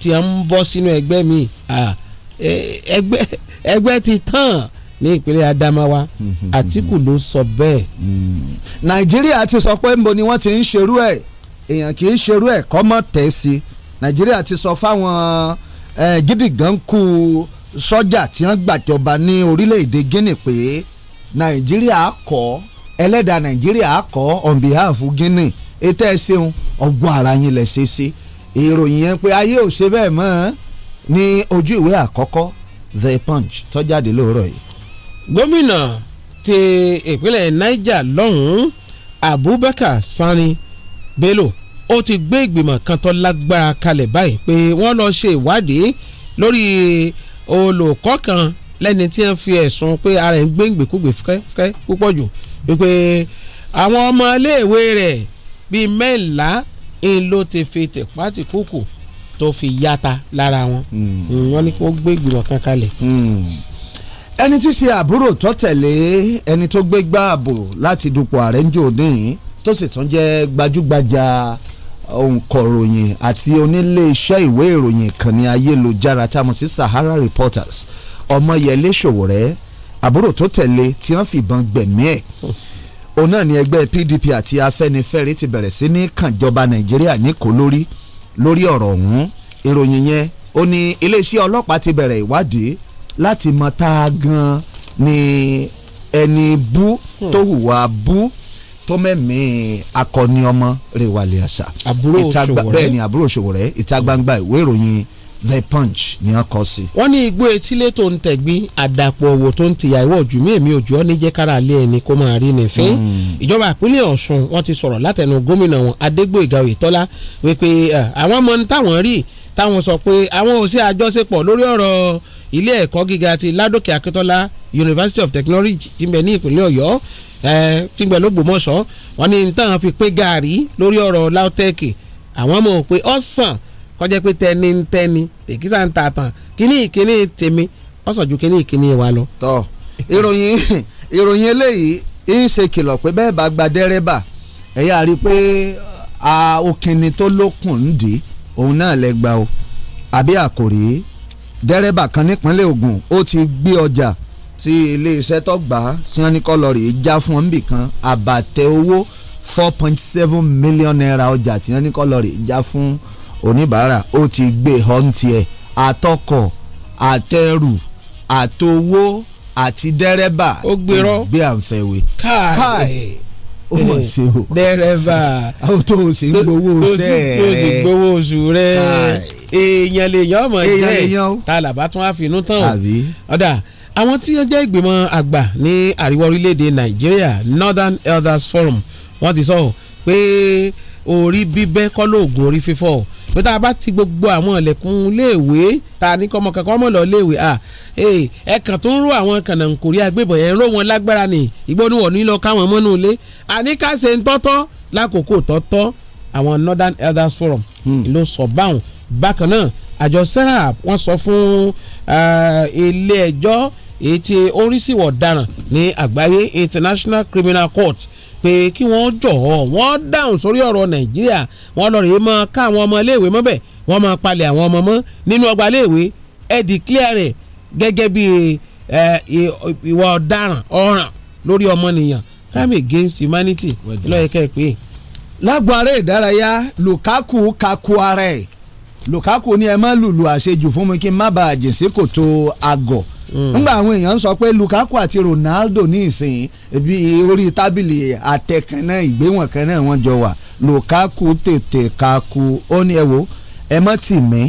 tí wọ́n ń bọ́ sínú ẹgbẹ́ mi ẹgbẹ́ ti tán ní ìpínlẹ̀ Adamawa mhm. Àtìkù ló sọ bẹ́ẹ̀. Mhm. Nàìjíríà ti sọ pé nbo ni wọ́n ti ń ṣerú ẹ̀ èèyàn kì í ṣerú ẹ̀ kọ́ mọ́ tẹ̀ sí Nàìjíríà ti sọ fáwọn gídìgàn kú sọ́jà tí wọ́n gbàjọba ní orílẹ̀-èdè Guinea pé Nàìjíríà kọ́ ẹlẹ́dàá Nàìjíríà kọ́ on behalf Guinea ètò ẹ̀ ṣeun ọgbọ́n ara yín lẹ̀ ṣe é ṣe ìròyìn yẹn pé ayé ò ṣe bẹ́ẹ̀ mọ́ ní ojú ìwé àkọ́kọ́ the punch tó jáde lóòrọ̀ yìí. gómìnà ti ìpínlẹ̀ niger lọ́hùn-ún abubakar sani bello ó ti gbé ìgbìmọ̀ kan tó lágbára kalẹ̀ báyìí pé wọ́n lọ ṣe ìwádìí lórí olùkọ́ kan lẹ́ni tí wọ́n fi ẹ̀sùn pé ara ẹ̀ ń gbé ìgbèkúgbè fẹ́ púpọ̀ jù wípé àwọn ọmọ iléèwé rẹ̀ bíi mẹ́ńlá ń ló ti fi tẹ̀pá ti kúkù tó fi yáta lára wọn hmm. wọn ni kó gbé ìgbìmọ̀ kan kalẹ̀. Hmm. ẹni tí ṣe àbúrò tó tẹ̀lé ẹni tó gbé gbá ààbò láti dupò ààrẹ ń jò níyìn tó sì tún jẹ́ gbajúgbajà òǹkọ̀ròyìn àti onílé iṣẹ́ ìwé ìròyìn ìkànnì ayélujára tá a mọ̀ sí Sahara Reporters Ọmọyẹlé Ṣòwòrẹ́ àbúrò tó tẹ̀lé tí wọ́n fìbọn gbẹ̀mí ẹ̀. Hmm òun náà ni ẹgbẹ́ PDP àti Afẹ́nifẹ́re ti bẹ̀rẹ̀ sí ní kànjọba Nàìjíríà níkò lórí lórí ọ̀rọ̀ ọ̀hún ìròyìn yẹn ó ní iléeṣẹ́ ọlọ́pàá ti bẹ̀rẹ̀ ìwádìí láti mọ tá a gan ni ẹni bú hmm. tó hùwà bú tó mẹ́mìí akọni ọmọ rẹ̀ wálé àṣà àbúrò Sowore bẹ́ẹ̀ ni àbúrò Sowore ìta gbangba ìwé ìròyìn. Hmm the punch ni wọ́n kọ sí. wọ́n ní igbó etílé tó ń tẹ̀gbín àdàpọ̀ òwò tó ń tìyà ìwọ̀ ojú mi èmi ojú ọ́ ní jẹ́ kára lé ẹni kó máa rí nìfín. Hmm. ìjọba ìpínlẹ̀ Ọ̀ṣun wọ́n ti sọ̀rọ̀ látẹnu gómìnà wọn Adégbóyèga Oyètọ́lá wípé àwọn ọmọ táwọn rí táwọn sọ pé àwọn ò sí àjọṣepọ̀ lórí ọ̀rọ̀ ilé ẹ̀kọ́ gíga ti Ládòkè Akíntọ́lá University of Technology tí ń bẹ ní ìpínlẹ̀ Ọ̀yọ́ tí ń bẹ l'Ógbómọ̀ṣọ́ wọ́n ní táwọn fi pé kọjá pé tẹni ń tẹni tèkísà ń ta tàn kíní ìkíní tèmi ó sọ ju kíní ìkíní wa lọ. tọ ìròyìn ìròyìn eléyìí ń ṣe kìlọ̀ pé bẹ́ẹ̀ bá gba dẹ́rẹ́bà ẹ̀yà rí i pé òkìní tó lókùn ń dì òun náà lẹ gba o àbí àkòrí dẹ́rẹ́bà kan nípínlẹ̀ Ògùn ó ti gbé ọjà tí iléeṣẹ́ tó gbà á sannikọ́lọ́rì já fún ọ́n bìkan àbàtẹ owó four point seven million naira ọjà tí sannikọ́lọ́rì já fún ọ́n oníbàárà ó ti gbé họ́ǹtì ẹ̀ àtọkọ̀ àtẹrù àtowó àti dẹ́rẹ́bà ó gbérọ́ gbé àǹfẹ̀wé káàyè ó mọ̀ sí o dẹ́rẹ́bà tó o sì ń gbowó oṣù rẹ̀ tó o sì gbowó oṣù rẹ̀ èèyàn lèèyàn ọmọ jẹ́ ta làbá tún á finú tán o àwọn tí wọ́n jẹ́ ìgbìmọ̀ àgbà ní àríwá orílẹ̀-èdè Nàìjíríà Northern Elders Forum wọ́n ti sọ pé orí bíbẹ́ kọ́ lóògùn orí fífọ́ o pé tá a bá ti gbogbo àwọn ọ̀lẹ̀kùn léèwé ta ní kọ́mọ kankan mọ̀ lọ léèwé à eh, ẹ kàn tó ń ró àwọn kànáńkòrí agbébọn ẹ̀ ń ró wọn lágbára ní ìgbónúwọ̀ nílọ káwọn mọ́nú ilé àníkàṣe ń tọ́tọ́ lákòókò tọ́tọ́ àwọn Northern Elders Forum hmm. ló sọ báwọn bákan náà àjọ serap wọ́n sọ fún ilé ẹjọ́ èyí tí oríṣìí ọ̀daràn ní àgbáyé International Criminal Court pé kí wọ́n jọ̀ọ́ wọ́n dáhùn sórí ọ̀rọ̀ nàìjíríà wọ́n lọ rèé mọ ká àwọn ọmọ iléèwé mọ́bẹ̀ wọ́n máa palẹ̀ àwọn ọmọ mọ́ nínú ọgbà iléèwé ẹ̀ declare rẹ̀ gẹ́gẹ́ bí ìwà ọ̀daràn ọ̀ràn lórí ọmọnìyàn crime against humanity lọ́yẹ̀kẹ́ pé. lágbo aré ìdárayá Lukaku kaku ara ẹ̀ Lukaku ni ẹ má lùlù àṣejù fún mi kí n má bàa jìn sí kòtò àgọ̀ ngba àwọn èèyàn sọ pé Lukaku àti Ronaldo ní ìsìn ibi orí tábìlì àtẹkànnà ìgbéwọ̀n kan náà wọ́n jọ wà Lukaku tètè kaku ó ní ẹ wo ẹ mọ́ tì mí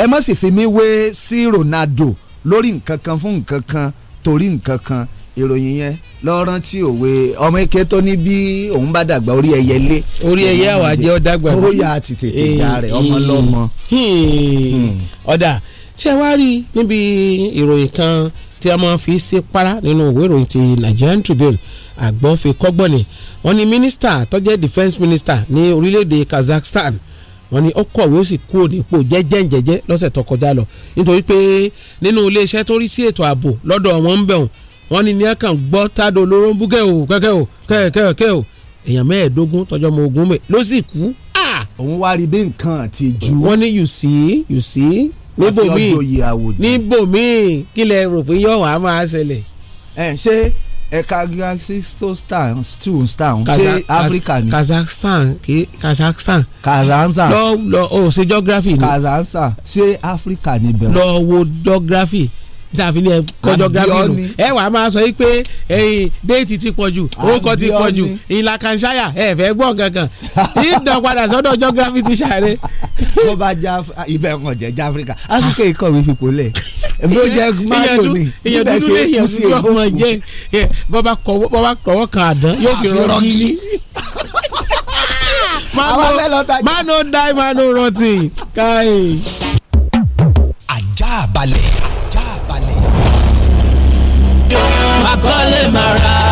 ẹ mọ́ sì fi mí wé sí Ronaldo lórí nǹkan kan fún nǹkan kan torí nǹkan kan ìròyìn yẹn lọ́ọ́rán tí òwe ọmọ ike tó ní bí òun bá dàgbà orí ẹyẹ lé. orí ẹyẹ àwàjẹ́ ọ̀dàgbà. ó yà á ti tètè ya rẹ̀ ọmọ lọ́mọ. Hmm. ọ̀dà ṣé wá rí níbi ìròyìn kan tí a máa fi ṣe para nínú ìwé ìròyìn ti Nigerian Tribune àgbọ̀ fi kọ́gbọ́n ni wọ́n ní mínísítà tó jẹ́ defence minister ní orílẹ̀-èdè Kazakhstan wọ́n ní ó kọ̀wé ó sì kúrò nípò jẹ́jẹ́jẹ́jẹ́ lọ́sẹ̀ tó kọjá lọ nítorí pé nínú iléeṣẹ́ tó rí sí ètò ààbò lọ́dọ̀ wọn ń bẹ̀rùn wọ́n ní ní ẹ̀kan gbọ́ tádo olóró ń bú kẹ́ o kẹ́kẹ́ o kẹ́kẹ́ o kẹ́ o èèyàn mẹ́ẹ̀ẹ́dógún tọjọ́ ọmọ ogun mẹ́ ló sì kú. Ah! òun wá rí bí nǹkan àti ju. wọ́n ní you see you see níbòmíì níbòmíì kí lẹ rò pé yóò wá máa ṣẹlẹ̀. ẹ ṣé ẹ̀ka kazakhstan still stan ṣé áfíríkà ni. kazakhstan kazakhstan. kazakhstan lọ lọ o ṣe geography ni. kazakhstan ṣé áfíríkà ni bẹ̀rẹ̀. lọ wo geography tàbílẹ̀ kọjọ gàmínú ẹ wàá máa sọ pé ẹyin déètì ti pọ̀jù orúkọ ti pọ̀jù ìlà ẹ fẹ́ gbọ́ gangan ìdàn padà sọ́dọ̀ geography ti ṣàrẹ́. bó bá já ibẹ̀ kan jẹ́ já áfíríkà áfíríkà ìkọ̀wé fipò lẹ̀ bó jẹ́ máàlù ni ibẹ̀ ṣe é kú sí èkó. bọ́ba kọ̀wọ́ kan àdán yóò fi rọ́ọ̀ kíní máa ló dá máa ló rántí káyìí. Amara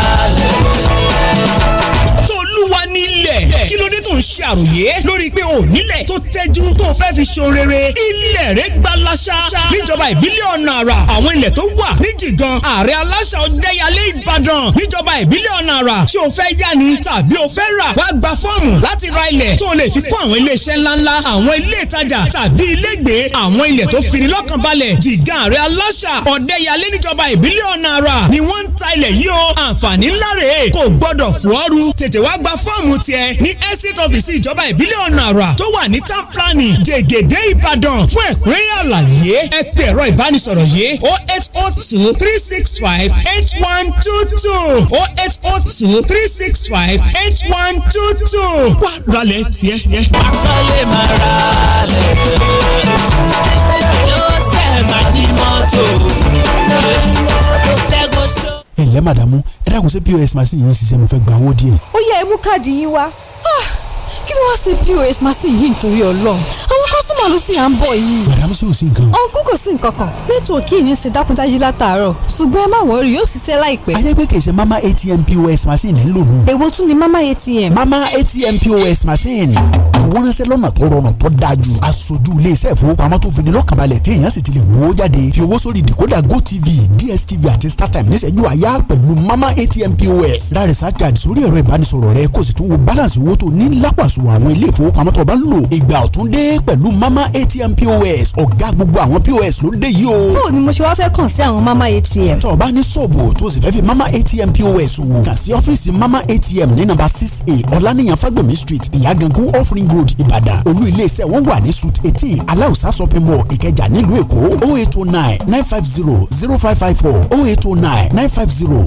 ṣe àròyé lórí pé o nílẹ̀ tó tẹ́jú tó fẹ́ fi ṣe rere ilé ẹ̀rẹ́ gba láṣá níjọba ìbílẹ̀ ọ̀nà àrà àwọn ilẹ̀ tó wà ní jìgan ààrẹ aláṣà ọ̀dẹ́yàlẹ̀ ìbàdàn níjọba ìbílẹ̀ ọ̀nà àrà ṣé o fẹ́ yá ni tàbí o fẹ́ rà wá gba fọ́ọ̀mù láti ra ilẹ̀ tó lè fi kọ́ àwọn iléeṣẹ́ ńláńlá àwọn ilé ìtajà tàbí ilégbè àwọn ilẹ̀ tó fini lọ́kàn balẹ̀ jìgan ààrẹ aláṣà ọ̀dẹ́yàlẹ̀ níjọba ìbílẹ̀ ọ̀nà àrà ni wọ́n ń ta ilẹ̀ yìí o àǹfààní ńlá rèé kò gbọ́dọ̀ fọ́ọ̀rù tètè wá gba fọ́ọ̀mù tiẹ̀ ní estate of ọ́fíìsì ìjọba ìbílẹ̀ ọ̀nà àrà tó wà ní town planning jẹ̀gẹ̀dẹ̀ ìbàdàn fún ẹ̀kúnrẹ́rẹ́ àlàyé ẹ ẹ̀rọ ìbánisọ̀rọ̀ yìí o oh eight o oh two three six five eight one two two o oh eight o two three six five eight one two two wà lálẹ́ tiẹ̀. àkọlé máa ra lẹ̀ ẹ ǹlẹ́ màdàmú ẹ dákun ṣé pos machine yìí ń ṣiṣẹ́ mo fẹ́ gba owó díẹ̀. ó yẹ ẹ káàdì yín wá Give us wá ṣe pos machine yìí nítorí ọlọ́run àwọn kan kọ́sùmọ̀ ló sì à ń bọ̀ yìí. madam sì ò sí nǹkan. ọ̀nkú kò sí nǹkan kan nẹ́tíwọ̀kì yìí ń ṣe dákúndájí látàárọ̀ ṣùgbọ́n ẹ má wọrí yóò ṣiṣẹ́ láìpẹ́. ajẹ́pẹ́ kì í ṣe mama atm pos machine ń lò nù. èwo tún ni mama atm. mama atm pos machine owó ránṣẹ́ lọ́nà tó rọrùn tó dáa ju aṣojú iléeṣẹ́ ìfowópamọ́ tó fi ní lọ́kànbalẹ̀ tí èèyàn sì ti lè gbowó jáde fi owó sórí decoder gotv dstv àti startime níṣẹ́jú àyà pẹ̀lú mama atm pos ra research card sórí ẹ̀rọ ìbánisọ̀rọ̀ rẹ kó o sì tún wo balance owó tó ní lápàṣù àwọn ilé ìfowópamọ́ tó o bá ń lò ìgbà ọ̀tún dé pẹ̀lú mama atm pos ọ̀gá gbogbo àwọn pos ló dé yìí o. bó o ni mo ṣe wá fẹ́ kàn sí àwọn mama atm. tó o bá ní ṣọ́ọ̀bù tó sì fẹ́ fi mama atm pos wò kàn sí ọ́fíìsì mama atm ní nàmbà six a ọ̀lànìyàn fagbemi street ìyàgànkù Offering road ìbàdàn olú iléeṣẹ́ wọn wà ní suit eighteen aláùsá shopping mall ìkẹjà nílùú èkó 0809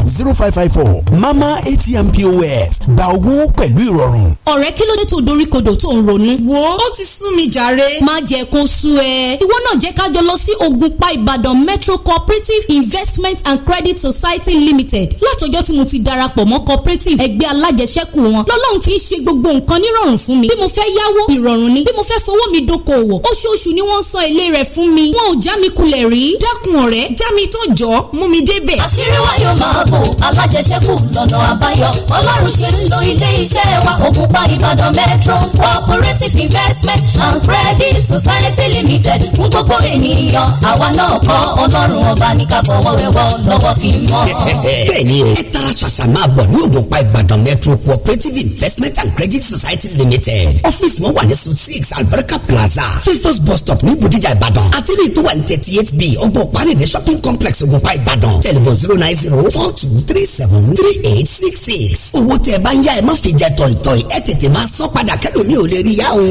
950 oh mama atm pos gba owó pẹ̀lú ìrọ̀rùn. ọ̀rẹ́ kí ló dé tó doríkodò tó ń ronú. wo ó ti sún mi jàre pé má jẹ́ kó sú ẹ. ìwọ náà jẹ́ ká jọ lọ sí Ògùnpa Ìbàdàn Metro Cooperative Investment and Credit Society Limited látọjọ́ tí mo ti darapọ̀ mọ́ cooperative ẹgbẹ́ alájẹsẹ́kù wọn lọ́lọ́run ti ń ṣe gbogbo nǹkan nírọ̀rùn fún mi bí mo fẹ́ yáwó ìrọ̀rùn ni bí mo fẹ́ fowó mi dókòwò oṣooṣù ni wọ́n ń san èlé rẹ̀ fún mi wọn ò já mi kulẹ̀ rí. dákun ọ̀rẹ́ já mi tán jọ mú mi débẹ̀. àṣírí wa yóò máa bò alájẹsẹ́kù lọ́nà àbáyọ ọlọ́run ṣe ń lo ilé iṣẹ́ wa Ògùnpa Ìbàdàn Metro Cooperative Investment and Credit benefit society limited fún gbogbo ènìyàn àwa náà kọ́ ọlọ́run ọba ní ká fọwọ́ wẹ́wọ́ lọ́wọ́ fi mọ́. bẹ́ẹ̀ni o ẹ tara ṣàṣà máa bọ̀ ní ògùnpá ìbàdàn metro cooperative investment and credit society limited ọ́fíìsì wọn wà ní suite six alberca plaza fifos bus stop ní bòdìjà ìbàdàn àtẹlẹ tó wà ní thirty eight b ọgbọ parade shopping complex ògùnpá ìbàdàn Telephone zero nine zero four two three seven three eight six six owó tẹ ẹ bá ń yá ẹ má fi jẹ tọ̀ìtọ̀ì ẹ tètè máa sọ padà kẹ́lòmí ò lè rí yá o.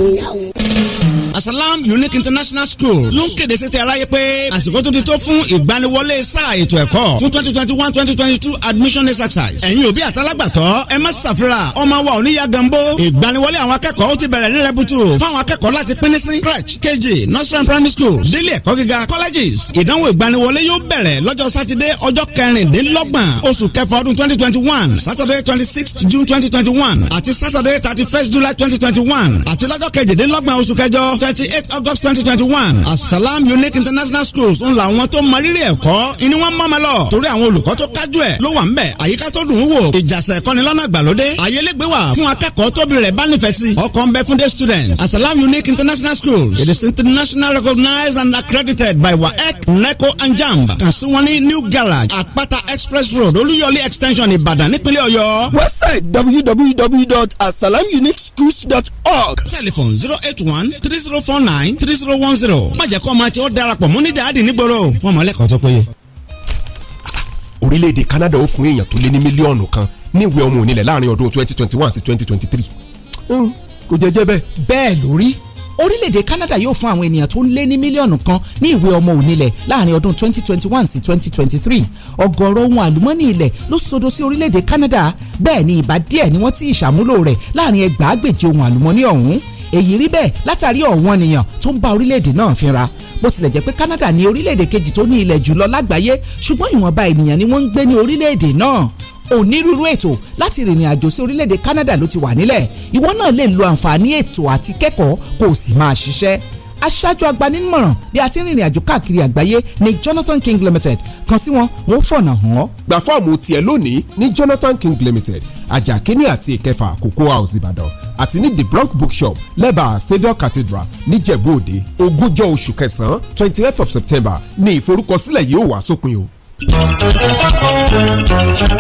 Salam Unique International School ló ń kéde sí ti aráyé pé àsìkò tó ti tó fún ìgbaniwọlé sáà ètò ẹ̀kọ́ fún twenty twenty one twenty twenty two admission exercise. ẹ̀yin òbí àtàlágbàtọ́ ẹ má ṣàfira ọmọ wa ò ní ya gambo. ìgbaniwọlé àwọn akẹ́kọ̀ọ́ ó ti bẹ̀rẹ̀ ní rẹ́bùtù fáwọn akẹ́kọ̀ọ́ láti pín ní sí crèche kejì nursery primary school délé ẹ̀kọ́ gíga colleges. ìdánwò ìgbaniwọlé yóò bẹ̀rẹ̀ lọ́jọ́ sátidé ọjọ́ kẹrìndínlọ́gbọ̀n oṣù kẹfà ọdún twenty twenty one saturday twenty sixth june twenty twenty one àti saturday thirty first july twenty twenty one àti lọ́jọ́ kejìdínlọ́gbọ̀n oṣù kẹjọ twenty twenty eight august twenty twenty one asalam unique international schools ń la wọn tó mọrírì ẹ̀kọ́ ìní wọn mọ́mọ́ lọ torí àwọn olùkọ́ tó kájú ẹ̀ ló wà ń bẹ̀ àyíká tó dùn ún wò ìjàsẹ̀ kọ́ni lọ́nà gbàlódé ayélégbé wà fún akẹ́kọ̀ọ́ tóbi rẹ̀ bá ọkàn bẹ fún day students asalam unique international schools it is internationally recognized and accredited by waec neco and jamb kàn sí wọn ní new garage àpáta express road olúyọlé extension ìbàdàn nípínlẹ̀ ọ̀yọ́. website www.asalamuniqueschools.org telephone zero eight one three zero Four nine three zero one zero. má jẹ́ kó ọmọ tí ó darapọ̀ mọ́ ní dáàdì nígboro fún ọmọlẹ́kọ̀ọ́ tó péye. orílẹ̀-èdè Canada ó fún èèyàn tó lé ní mílíọ̀nù kan ní ìwé ọmọ onílẹ̀ láàrin ọdún twenty twenty one sí twenty twenty three hmm, kò jẹ́ jẹ́ bẹ́ẹ̀. bẹ́ẹ̀ lórí orílẹ̀-èdè Canada yóò fún àwọn ènìyàn tó ń lé ní mílíọ̀nù kan ní ìwé ọmọ onílẹ̀ láàrin ọdún 2021 sí 2023 ọ̀gọ̀ọ̀rọ̀ ohun àlùmọ́nì ilẹ̀ ló sodo sí orílẹ̀-èdè Canada bẹ́ẹ̀ ni ìbá díẹ̀ ni wọ́n ti ìṣàmúlò rẹ̀ láàrin ẹgbàágbèje ohun àlùmọ́nì ọ̀hún èyí rí bẹ́ẹ̀ látàrí ọ̀wọ́n ènìyàn tó ń bá orílẹ̀-èdè náà fínra bó tilẹ̀ jẹ́ pé Canada ni orílẹ̀-èdè kejì tó ní ilẹ̀ jùlọ lágbàáyé ṣùgbọ́n ìwọ̀nba ènìyàn ni wọ́n ń gbé ní orílẹ̀-èdè náà onírúurú ètò láti rìnrìn àjò sí orílẹ̀-èdè Canada ló ti wà nílẹ̀ ìwọ náà lè lo àǹfààní ètò àti kẹ́kọ̀ọ́ kó o sì máa ṣiṣẹ́ aṣáájú agbanímọ̀ràn bí a ti ń rìnrìn àjò káàkiri àgbáyé ni Jonathan King Limited kàn sí wọn wọn fọ̀nà hàn án. gba fọ́ọ̀mù tiẹ̀ lónìí ní Jonathan King Limited ajakini àti ìkẹfà Cocoa House Ìbàdàn àti ní the Bronx Bookshop lẹ́bàá Saviour Cathedral níjẹ̀bú òde ogúnjọ́ oṣù kẹsàn-án twenty eight of September Ni ìforúkọsílẹ̀ yìí ó wà sópin o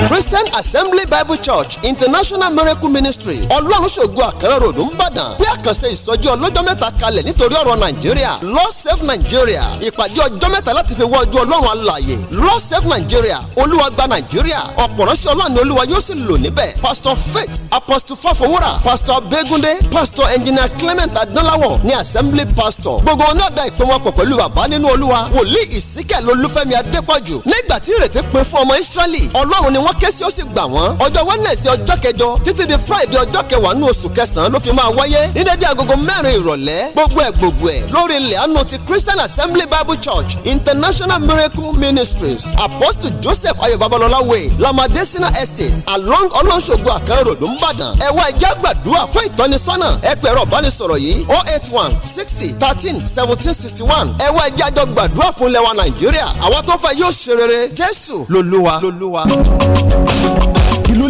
Christian Assembly Bible Church International Miracle Ministry Ọlọ́run ṣògo àkàrà ròdù ń bàdàn pé àkànṣe ìsọjí ọlọ́jọ́ mẹ́ta kalẹ̀ nítorí ọ̀rọ̀ Nàìjíríà Lord Save Nigeria ìpàdé ọjọ́ mẹ́ta láti fi wọ ọjọ́ Ọlọ́run alààyè Lord Save Nigeria Olúwa gba Nàìjíríà ọ̀pọ̀ ránṣẹ́ Ọlọ́run ni Olúwa yóò sì lò níbẹ̀ Pastor Faith Apostle Fafowura Pastor Begunde Pastor Engineer Clement Adúláwọ̀ ni Assembly Pastor gbogbo wọn náà da ìpè wọn pọ̀ pẹ̀lú bàbá nínú Olúwa wòlíì ìsíkẹ̀ lolúfẹ́mi Adépọ̀jù ní nígbà tí ìrètí pin fún ọmọ Israẹli Ọlọ́run ni wọ́n ké sí ó sì gbà wọ́n ọjọ́ Wednesday ọjọ́ kẹjọ títí di Friday ọjọ́ kẹwàá nínú oṣù kẹsàn-án ló fi máa wáyé ní dédé agogo mẹ́rin ìrọ̀lẹ́ gbogbo ẹ̀ gbogbo ẹ̀ lórí ilẹ̀ àánú ti Christian Assembly Bible Church International Miracle Ministries Apostle Joseph Ayọ̀ Babalọlá way Lamadesina Estate along ọlọ́nṣogbo àkànrò ló ń bàdàn ẹ wá ẹjẹ́ gbàdúrà fún ìtọ́nisọ́nà ẹ pẹ̀rọ ìbánisọ̀rọ̀ yìí oh eight one sixty thirteen seventeen sixty one ẹ wá ẹjẹ́ àjọ gbàdúrà fún lẹ́wà Nàìjíríà àwọn tó fẹ́ yóò ṣe rere pé jésù lolúwa lolúwa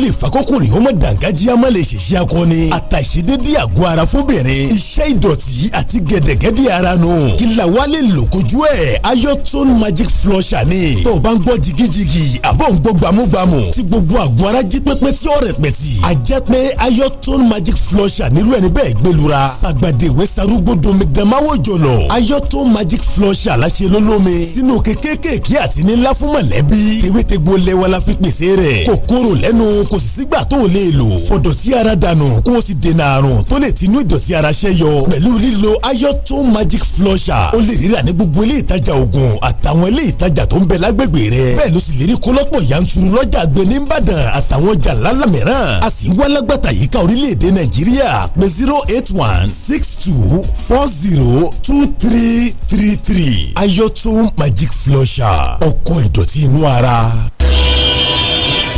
lè fakókò rìn ó mọ̀ dàǹgájí á má lè ṣèṣe akọni àtàṣedédé àgọ́ ara fóbìnrin iṣẹ́ ìdọ̀tí àti gẹ̀dẹ̀gẹ̀dẹ̀ ara nù kí la wá lè lò kojú ẹ̀ ayọ́tún magic flusher ni tó o bá ń gbọ́ jigijigi àbọ̀ ń gbọ́ gbàmúgbàmù tí gbogbo àgọ́ ara jí pépé tí ó rẹ̀ pẹ̀tì àjẹ́ pé ayọ́tún magic flusher nírú ẹni bẹ́ẹ̀ gbẹlura sàgbàdéwé sarúgbódomi dẹ̀máwó jọ̀lọ̀ ayọ́tún magic flusher láṣẹ lólómi sínú kékékèké àti nílá fún mọ̀lẹ́bí tewétegbò lẹ́wọ́ la fi pèsè rẹ̀ kòkòrò lẹ́nu k kò sì sígbà tó o lè lò fọ̀dọ̀tí ara dànù kó o sì dènà àrùn tó lè tinú ìdọ̀tí ara ṣẹ́ yọ pẹ̀lú lílo ayọ́tún magic flusher o lè rírà ní gbogbo ilé ìtajà oògùn àtàwọn ilé ìtajà tó ń bẹ lágbègbè rẹ bẹ́ẹ̀ ló sì lè rí kólọ́pọ̀ yanturu lọ́jà gbé ní Ìbàdàn àtàwọn ọjà ńlá mìíràn a sì ń wá lágbàtà yìí ká orílẹ̀-èdè Nàìjíríà pé zero eight one six two four zero two three three three ayọ́tún magic flusher ọkọ̀ ìdọ̀tí inú ara.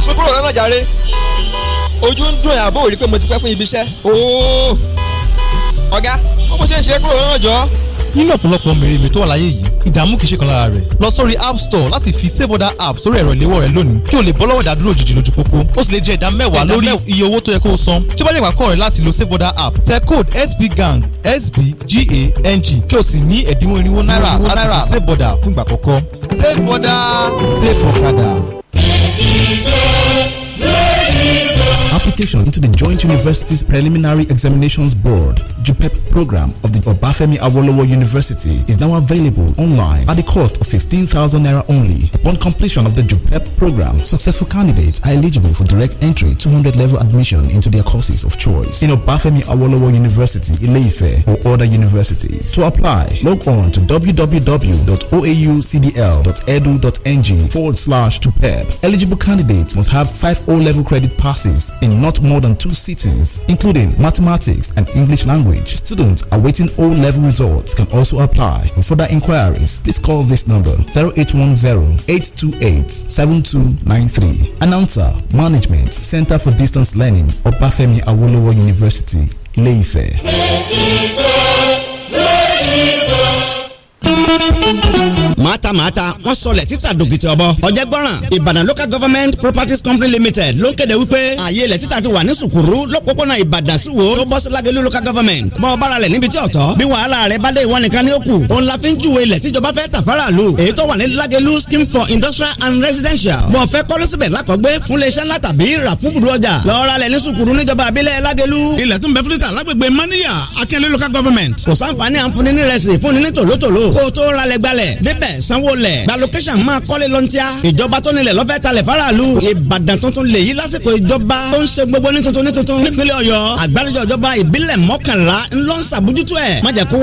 sọ́kúrò rẹ̀ náà jàre ojú ń dùn àbó òrí pé mo ti pẹ́ fún ibi iṣẹ́ ooo ọ̀gá bó ṣe ń ṣe kúrò lọ́nà jọ. nínú ọ̀pọ̀lọpọ̀ mèremère tó wà láyé yìí ìdààmú kìí ṣe kan lára rẹ̀ lọ sórí app store láti fi saveoda app sórí ẹ̀rọ ìléwọ́ rẹ lónìí kí o lè bọ́ lọ́wọ́ ìdádúró òjijì lójú pópó ó sì lè jẹ́ ìdá mẹ́wàá lórí iye owó tó yẹ kó o san tí ó bá jẹ́ ìpàkọ́ rẹ láti lo saveoda app tẹ code sbgang sbgang kí o sì ní ẹ̀dínwó irinwó náírà láti fi saveoda fún ìgbà àkọ́kọ́ saveoda safe ọ̀kadà. ètí tó lórí application into the Joint Universities Preliminary Examinations Board JUPEP program of the Obafemi Awolowo University is now available online at the cost of 15,000 naira only. Upon completion of the JUPEP program, successful candidates are eligible for direct entry 200 level admission into their courses of choice in Obafemi Awolowo University, Ileife, or other universities. To apply, log on to www.oaucdl.edu.ng forward slash JUPEP. Eligible candidates must have 5 O level credit passes in not more than two sittings, including mathematics and English language. Students awaiting O level results can also apply. For further inquiries, please call this number 0810 828 7293. Announcer Management Center for Distance Learning, Bafemi Awolowo University, Leife. Mata màtàmátà wọ́n sọlẹ̀ títà dògìtì ọbọ ọ̀jẹ̀ gbọ́ràn ìbàdàn local government properties company limited ló ń kéde wípé ààyè ilẹ̀ títà ti wà ní sùkúrú lọ́pọ̀pọ̀nà ìbàdàn sí wo tó bọ́ sí lágẹ̀lú local government mọ bára lẹ̀ níbi tí ọ̀tọ̀ bí wàhálà rẹ̀ bá dé ìwọ nìkan ní òkù òun la fi ń júwe ilẹ̀ tíjọba fẹ́ tàfárà lù èyí tó wà ní lágẹ̀lú scheme for industrial and residential mọ fẹ́ kọ́lé síbẹ̀ lákọ̀gbé fún iléeṣẹ́ ńlá tàbí rà fún budu ọjà lọ́ọ́ra lẹ̀ ní sùkúrú níjọba àbílẹ̀ lágẹ̀lú. ilẹ̀ tún bẹ fún títà lágbègbè maniya akẹ́lẹ́ local government. kò sáǹfààní à ń fúnni ní rẹsì kó o tó ralẹ̀ gbalẹ̀ débẹ̀ sanwó lẹ̀ gba location máa kọ́lé lọ́ntíá ìjọba tó nílẹ̀ lọ́fẹ́ talẹ̀ faraàlú ìbàdàn tuntun lèyí lásìkò ìjọba tó ń ṣe gbogbo ní tuntun ní tuntun nípínlẹ̀ ọ̀yọ́ àgbáríjọ ìjọba ìbílẹ̀ mọ́kànlá ńlọ́nsàbójútó ẹ̀ má jẹ́ kó